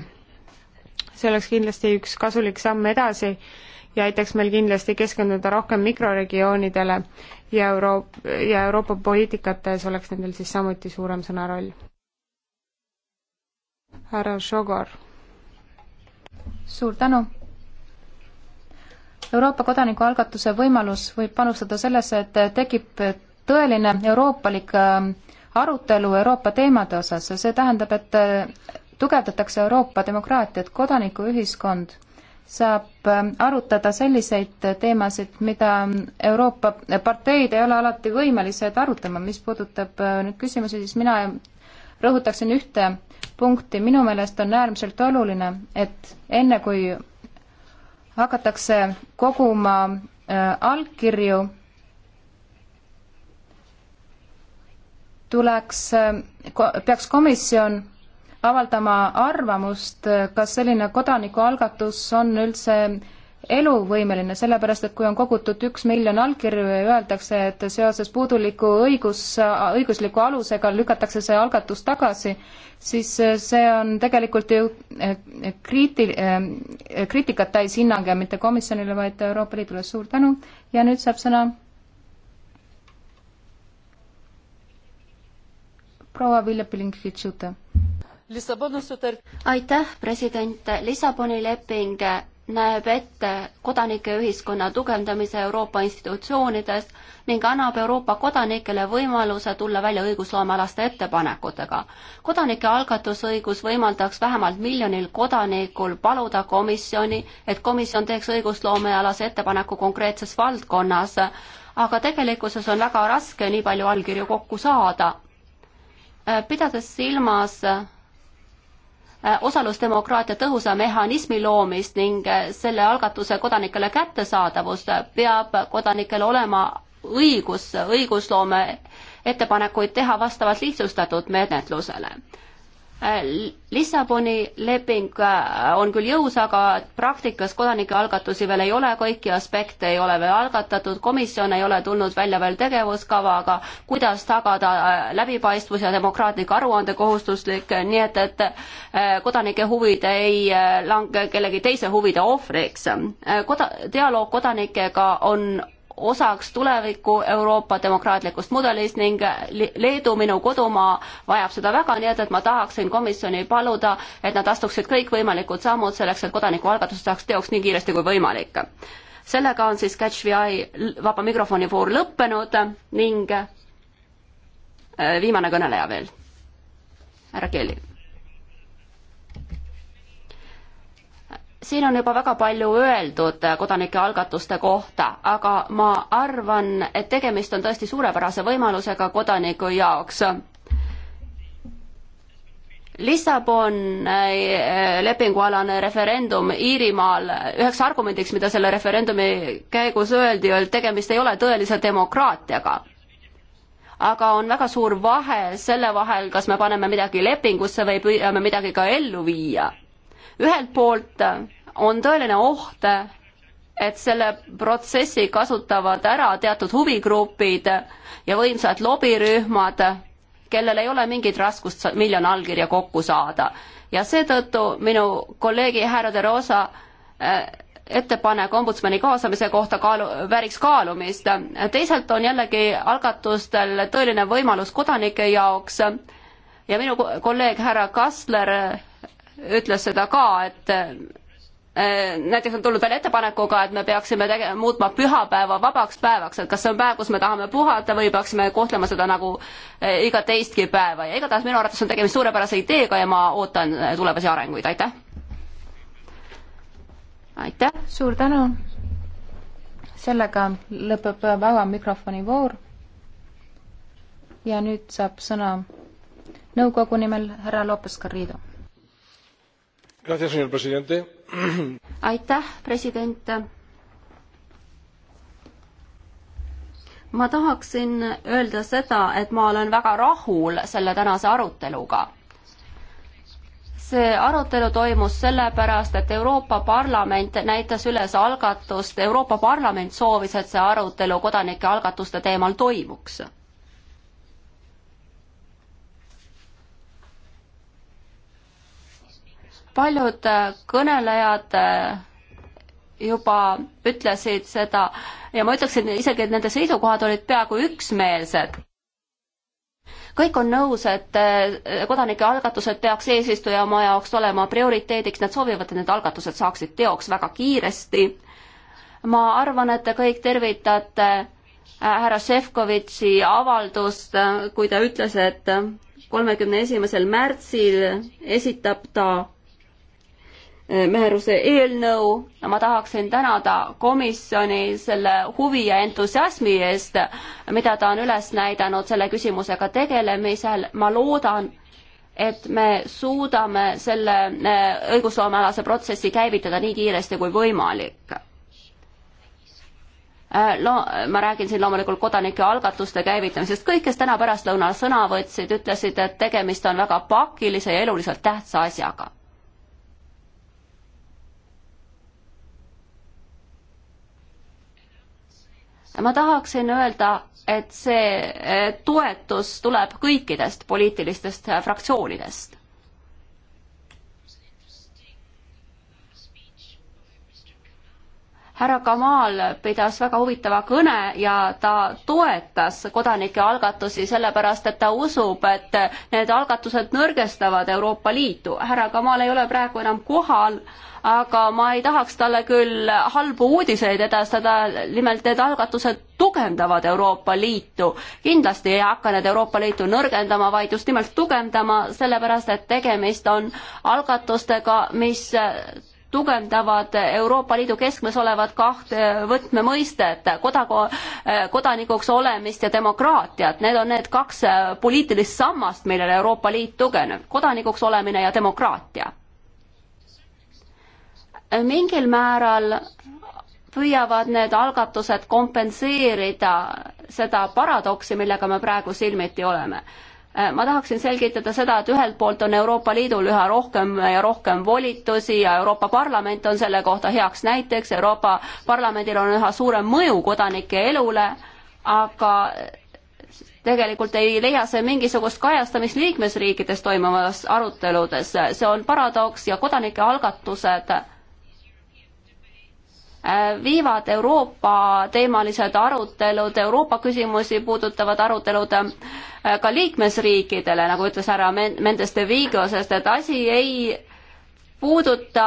Speaker 4: see oleks kindlasti üks kasulik samm edasi ja aitaks meil kindlasti keskenduda rohkem mikroregioonidele ja Euro- ja Euroopa poliitikates oleks nendel siis samuti suurem sõnaroll härra Šogor. suur tänu. Euroopa
Speaker 5: kodanikualgatuse võimalus võib panustada sellesse, et tekib tõeline euroopalik äh, arutelu Euroopa teemade osas ja see tähendab, et äh, tugevdatakse Euroopa demokraatiat, kodanikuühiskond saab äh, arutada selliseid teemasid, mida Euroopa parteid ei ole alati võimelised arutama, mis puudutab nüüd küsimusi, siis mina rõhutaksin ühte punkti. minu meelest on äärmiselt oluline, et enne kui hakatakse koguma äh, allkirju, tuleks, äh, peaks komisjon avaldama arvamust, äh, kas selline kodanikualgatus on üldse eluvõimeline, sellepärast et kui on kogutud üks miljon allkirju ja öeldakse, et seoses puuduliku õigus, õigusliku alusega lükatakse see algatus tagasi, siis see on tegelikult ju eh, kriiti-, eh, kriitikat täis hinnang ja mitte komisjonile, vaid Euroopa Liidule. suur tänu ja nüüd saab sõna
Speaker 3: proua Vilja Pilingi-Tšuta. aitäh, president, Lissaboni leping näeb ette kodanikeühiskonna tugevdamise Euroopa institutsioonides ning annab Euroopa kodanikele võimaluse tulla välja õigusloomealaste ettepanekutega. kodanike algatusõigus võimaldaks vähemalt miljonil kodanikul paluda komisjoni, et komisjon teeks õigusloomealase ettepaneku konkreetses valdkonnas, aga tegelikkuses on väga raske nii palju allkirju kokku saada. pidades silmas Äh, osalusdemokraatia tõhusa mehhanismi loomist ning äh, selle algatuse kodanikele kättesaadavust, äh, peab kodanikel olema õigus õigusloome ettepanekuid teha vastavalt lihtsustatud menetlusele Äh, Lissaboni leping äh, on küll jõus, aga praktikas kodanikealgatusi veel ei ole, kõiki aspekte ei ole veel algatatud, komisjon ei ole tulnud välja veel tegevuskavaga, kuidas tagada äh, läbipaistvus ja demokraatlik aruandekohustuslik, nii et, et kodanike huvid ei lange kellegi teise huvide ohvriks. Koda-, dialoog kodanikega on osaks tuleviku Euroopa demokraatlikust mudelist ning Leedu, minu kodumaa, vajab seda väga, nii et, et ma tahaksin komisjoni paluda, et nad astuksid kõikvõimalikud sammud selleks, et kodanikualgatus saaks teoks nii kiiresti kui võimalik. sellega on siis Catch the Eye vaba mikrofoni voor lõppenud ning äh, viimane kõneleja veel, härra Kelly siin on juba väga palju öeldud kodanike algatuste kohta, aga ma arvan, et tegemist on tõesti suurepärase võimalusega kodaniku jaoks Lissabon äh, lepingualane referendum Iirimaal, üheks argumendiks, mida selle referendumi käigus öeldi, oli, et tegemist ei ole tõelise demokraatiaga. aga on väga suur vahe selle vahel, kas me paneme midagi lepingusse või püüame midagi ka ellu viia. ühelt poolt on tõeline oht, et selle protsessi kasutavad ära teatud huvigrupid ja võimsad lobirühmad, kellel ei ole mingit raskust miljon allkirja kokku saada. ja seetõttu minu kolleegi härra De Rosa äh, ettepanek ombudsmani kaasamise kohta kaalu, vääriks kaalumist. teisalt on jällegi algatustel tõeline võimalus kodanike jaoks ja minu kolleeg härra Kassler ütles seda ka, et Äh, näiteks on tulnud veel ettepanekuga, et me peaksime tege-, muutma pühapäeva vabaks päevaks, et kas see on päev, kus me tahame puhata või peaksime kohtlema seda nagu äh, iga teistki päeva ja igatahes minu arvates on tegemist suurepärase ideega ja ma ootan äh, tulevasi arenguid, aitäh!
Speaker 5: aitäh! suur tänu! sellega lõpeb vaba mikrofoni voor ja nüüd saab sõna nõukogu nimel härra Lopez Garrido.
Speaker 2: Gracias, señor presidente
Speaker 3: aitäh, president. ma tahaksin öelda seda, et ma olen väga rahul selle tänase aruteluga. see arutelu toimus sellepärast, et Euroopa Parlament näitas üles algatust, Euroopa Parlament soovis, et see arutelu kodanike algatuste teemal toimuks paljud äh, kõnelejad äh, juba ütlesid seda ja ma ütleksin isegi, et nende seisukohad olid peaaegu üksmeelsed. kõik on nõus, et äh, kodanike algatused peaks eesistujamaa jaoks olema prioriteediks, nad soovivad, et need algatused saaksid teoks väga kiiresti. ma arvan, et te kõik tervitate härra Šefkovitši avaldust, kui ta ütles, et kolmekümne esimesel märtsil esitab ta Äh, määruse eelnõu. ma tahaksin tänada komisjoni selle huvi ja entusiasmi eest, mida ta on üles näidanud selle küsimusega tegelemisel. ma loodan, et me suudame selle äh, õigusloomealase protsessi käivitada nii kiiresti kui võimalik. Äh, lo-, ma räägin siin loomulikult kodanike algatuste käivitamisest, kõik, kes täna pärastlõunal sõna võtsid, ütlesid, et tegemist on väga pakilise ja eluliselt tähtsa asjaga ma tahaksin öelda, et see eh, toetus tuleb kõikidest poliitilistest eh, fraktsioonidest härra Kamal pidas väga huvitava kõne ja ta toetas kodanike algatusi sellepärast, et ta usub, et need algatused nõrgestavad Euroopa Liitu. härra Kamal ei ole praegu enam kohal, aga ma ei tahaks talle küll halbu uudiseid edastada, nimelt need algatused tugevdavad Euroopa Liitu. kindlasti ei hakka need Euroopa Liitu nõrgendama, vaid just nimelt tugevdama, sellepärast et tegemist on algatustega, mis tugevdavad Euroopa Liidu keskmes olevat kahte võtmemõistet, kodaku, kodanikuks olemist ja demokraatiat. Need on need kaks poliitilist sammast, millele Euroopa Liit tugevneb, kodanikuks olemine ja demokraatia. mingil määral püüavad need algatused kompenseerida seda paradoksi, millega me praegu silmiti oleme Äh, ma tahaksin selgitada seda, et ühelt poolt on Euroopa Liidul üha rohkem ja rohkem volitusi ja Euroopa Parlament on selle kohta heaks näiteks, Euroopa Parlamendil on üha suurem mõju kodanike elule, aga tegelikult ei leia see mingisugust kajastamist liikmesriikides toimuvas aruteludes, see on paradoks ja kodanike algatused Äh, viivad Euroopa teemalised arutelud, Euroopa küsimusi puudutavad arutelud äh, ka liikmesriikidele, nagu ütles härra Mendes de Vigo, sest et asi ei puuduta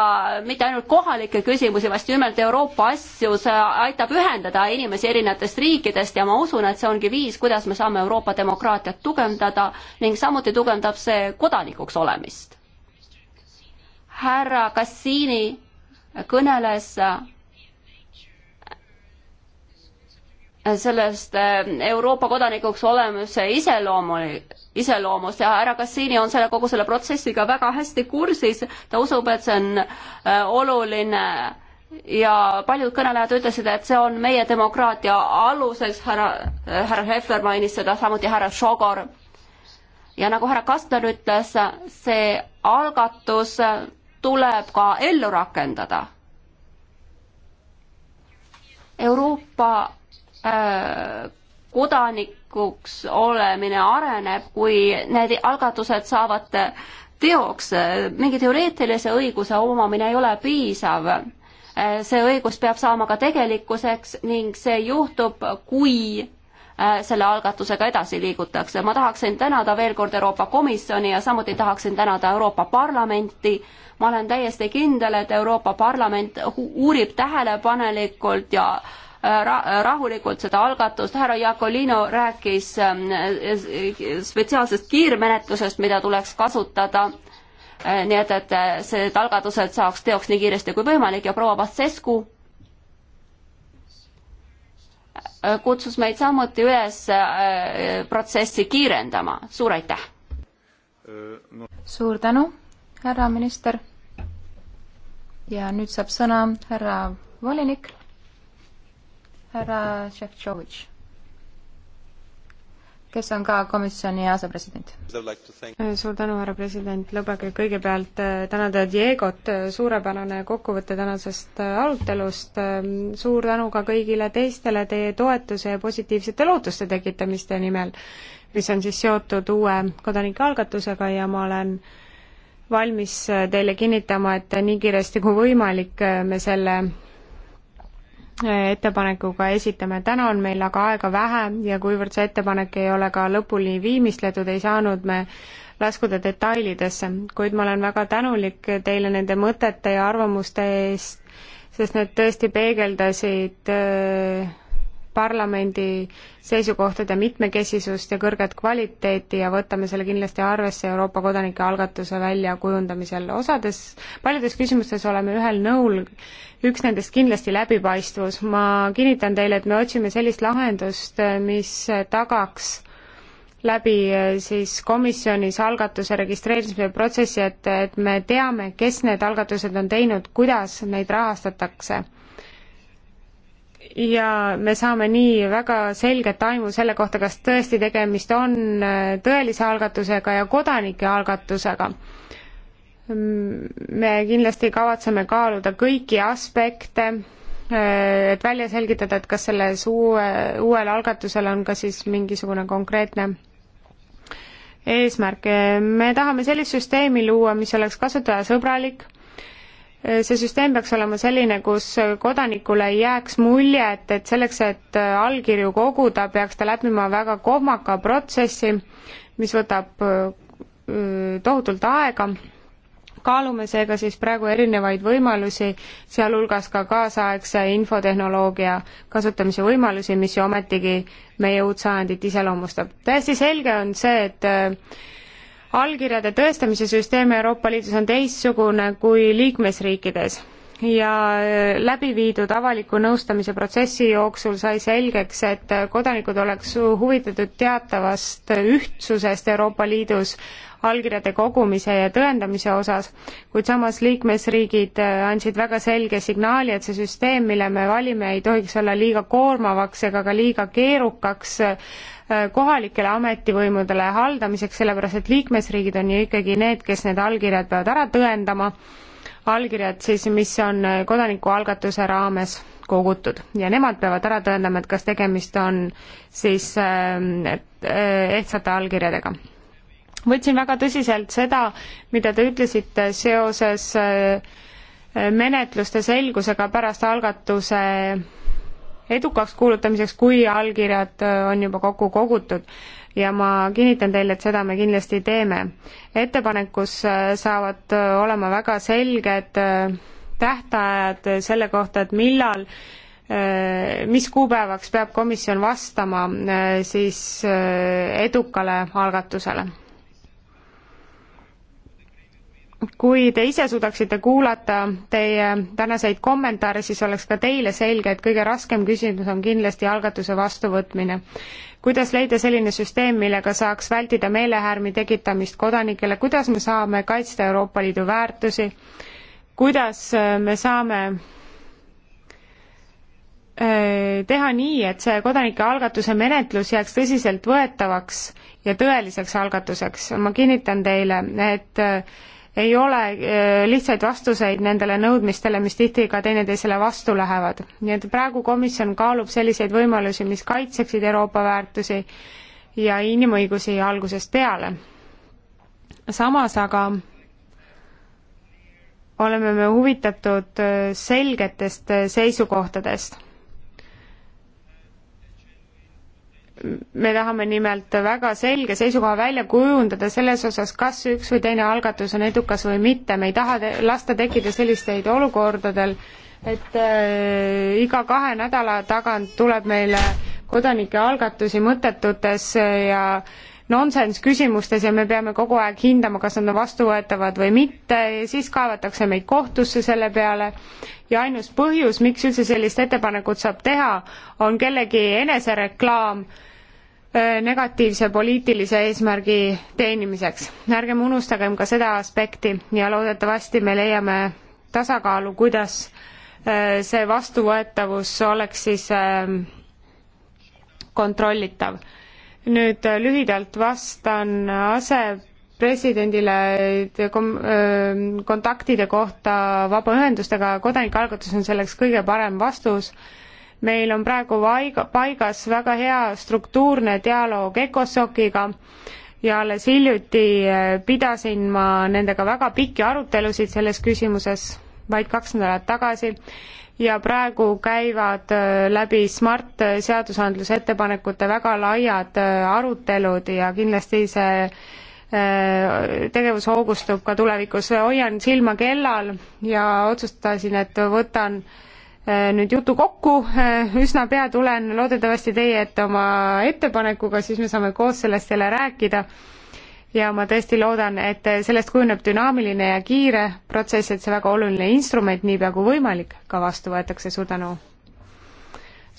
Speaker 3: mitte ainult kohalikke küsimusi, vaid nimelt Euroopa asju, see aitab ühendada inimesi erinevatest riikidest ja ma usun, et see ongi viis, kuidas me saame Euroopa demokraatiat tugevdada ning samuti tugevdab see kodanikuks olemist. härra Kassiini kõneles sellest eh, Euroopa kodanikuks olemise iseloomu, iseloomust ja härra Kassiini on selle, kogu selle protsessiga väga hästi kursis, ta usub, et see on eh, oluline ja paljud kõnelejad ütlesid, et see on meie demokraatia aluseks, härra, eh, härra Hefner mainis seda, samuti härra Šogor. ja nagu härra Kastner ütles, see algatus tuleb ka ellu rakendada. Euroopa Äh, kodanikuks olemine areneb, kui need algatused saavad teoks. mingi teoreetilise õiguse omamine ei ole piisav. Äh, see õigus peab saama ka tegelikkuseks ning see juhtub, kui äh, selle algatusega edasi liigutakse. ma tahaksin tänada veel kord Euroopa Komisjoni ja samuti tahaksin tänada Euroopa Parlamenti. ma olen täiesti kindel, et Euroopa Parlament uurib tähelepanelikult ja äh, Äh, äh, rahulikult seda algatust, härra Jakolino rääkis ähm, spetsiaalsest kiirmenetlusest, mida tuleks kasutada, äh, nii et, et need algatused saaks teoks nii kiiresti kui võimalik ja proua Vassescu kutsus meid samuti üles protsessi kiirendama, suur aitäh! suur tänu, härra minister!
Speaker 5: ja nüüd saab sõna härra volinik
Speaker 4: härra Šefčovitš, kes on ka komisjoni asepresident. suur tänu, härra president, lubage kõigepealt äh, tänada Diegot, äh, suurepärane kokkuvõte tänasest äh, arutelust, ähm, suur tänu ka kõigile teistele teie toetuse ja positiivsete lootuste tekitamiste nimel, mis on siis seotud uue kodanikualgatusega ja ma olen valmis teile kinnitama, et nii kiiresti kui võimalik me selle ettepanekuga esitame. täna on meil aga aega vähe ja kuivõrd see ettepanek ei ole ka lõpuni viimistletud, ei saanud me laskuda detailidesse, kuid ma olen väga tänulik teile nende mõtete ja arvamuste eest, sest need tõesti peegeldasid äh, parlamendi seisukohtade mitmekesisust ja kõrget kvaliteeti ja võtame selle kindlasti arvesse Euroopa kodanike algatuse väljakujundamisel. osades, paljudes küsimustes oleme ühel nõul, üks nendest kindlasti läbipaistvus. ma kinnitan teile, et me otsime sellist lahendust, mis tagaks läbi eh, siis komisjonis algatuse registreerimise protsessi, et, et me teame, kes need algatused on teinud, kuidas neid rahastatakse ja me saame nii väga selget aimu selle kohta, kas tõesti tegemist on äh, tõelise algatusega ja kodanike algatusega. me kindlasti kavatseme kaaluda kõiki aspekte, äh, et välja selgitada, et kas selles uue, uuel algatusel on ka siis mingisugune konkreetne eesmärk. me tahame sellist süsteemi luua, mis oleks kasutajasõbralik see süsteem peaks olema selline, kus kodanikule ei jääks muljet, et selleks, et allkirju koguda, peaks ta läbima väga kohmaka protsessi, mis võtab äh, tohutult aega. kaalume seega siis praegu erinevaid võimalusi, sealhulgas ka kaasaegse infotehnoloogia kasutamise võimalusi, mis ju ometigi meie uut sajandit iseloomustab. täiesti selge on see, et äh, allkirjade tõestamise süsteem Euroopa Liidus on teistsugune kui liikmesriikides ja äh, läbi viidud avaliku nõustamise protsessi jooksul sai selgeks, et kodanikud oleks huvitatud teatavast ühtsusest Euroopa Liidus allkirjade kogumise ja tõendamise osas, kuid samas liikmesriigid äh, andsid väga selge signaali, et see süsteem, mille me valime, ei tohiks olla liiga koormavaks ega ka liiga keerukaks Äh, kohalikele ametivõimudele haldamiseks, sellepärast et liikmesriigid on ju ikkagi need, kes need allkirjad peavad ära tõendama, allkirjad siis, mis on äh, kodanikualgatuse raames kogutud ja nemad peavad ära tõendama, et kas tegemist on siis ähm, äh, ehtsate allkirjadega võtsin väga tõsiselt seda, mida te ütlesite seoses menetluste selgusega pärast algatuse edukaks kuulutamiseks, kui allkirjad äh, on juba kokku kogutud. ja ma kinnitan teile, et seda me kindlasti teeme. ettepanekus äh, saavad äh, olema väga selged tähtajad selle kohta, et millal mis kuupäevaks peab komisjon vastama siis edukale algatusele kui te ise suudaksite kuulata teie tänaseid kommentaare, siis oleks ka teile selge, et kõige raskem küsimus on kindlasti algatuse vastuvõtmine. kuidas leida selline süsteem, millega saaks vältida meelehärmi tekitamist kodanikele, kuidas me saame kaitsta Euroopa Liidu väärtusi, kuidas äh, me saame äh, teha nii, et see kodanike algatuse menetlus jääks tõsiseltvõetavaks ja tõeliseks algatuseks. ma kinnitan teile, et äh, ei ole äh, lihtsaid vastuseid nendele nõudmistele, mis tihti ka teineteisele vastu lähevad. nii et praegu komisjon kaalub selliseid võimalusi, mis kaitseksid Euroopa väärtusi ja inimõigusi algusest peale. samas aga oleme me huvitatud äh, selgetest äh, seisukohtadest me tahame nimelt väga selge seisukoha välja kujundada selles osas, kas üks või teine algatus on edukas või mitte, me ei taha te lasta tekkida selliseid olukordadel, et äh, iga kahe nädala tagant tuleb meile kodanike algatusi mõttetutes ja nonsenss küsimustes ja me peame kogu aeg hindama, kas nad on vastuvõetavad või mitte ja siis kaevatakse meid kohtusse selle peale. ja ainus põhjus, miks üldse sellist ettepanekut saab teha, on kellegi enesereklaam äh, Äh, negatiivse poliitilise eesmärgi teenimiseks. ärgem unustagem ka seda aspekti ja loodetavasti me leiame tasakaalu, kuidas äh, see vastuvõetavus oleks siis äh, kontrollitav. nüüd lühidalt vastan asepresidendile kontaktide kohta vabaühendustega, kodanikualgatus on selleks kõige parem vastus meil on praegu vaiga, paigas väga hea struktuurne dialoog ECOSOC-iga ja alles hiljuti eh, pidasin ma nendega väga pikki arutelusid selles küsimuses, vaid kaks nädalat tagasi, ja praegu käivad eh, läbi Smart seadusandluse ettepanekute väga laiad eh, arutelud ja kindlasti see tegevus hoogustub ka tulevikus. hoian silma kellal ja otsustasin, et võtan äh, Äh, nüüd jutu kokku, äh, üsna pea tulen loodetavasti teie ette oma ettepanekuga, siis me saame koos sellest jälle rääkida. ja ma tõesti loodan, et sellest kujuneb dünaamiline ja kiire protsess, et see väga oluline instrument niipea kui võimalik ka vastu võetakse, suur tänu.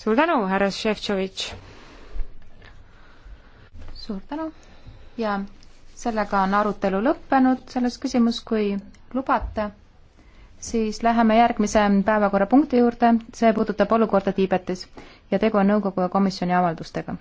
Speaker 4: suur tänu, härra Šefčovitš. suur tänu
Speaker 5: ja sellega on arutelu lõppenud selles küsimus, kui lubate siis läheme järgmise päevakorrapunkti juurde, see puudutab olukorda Tiibetis ja tegu on nõukogu ja komisjoni avaldustega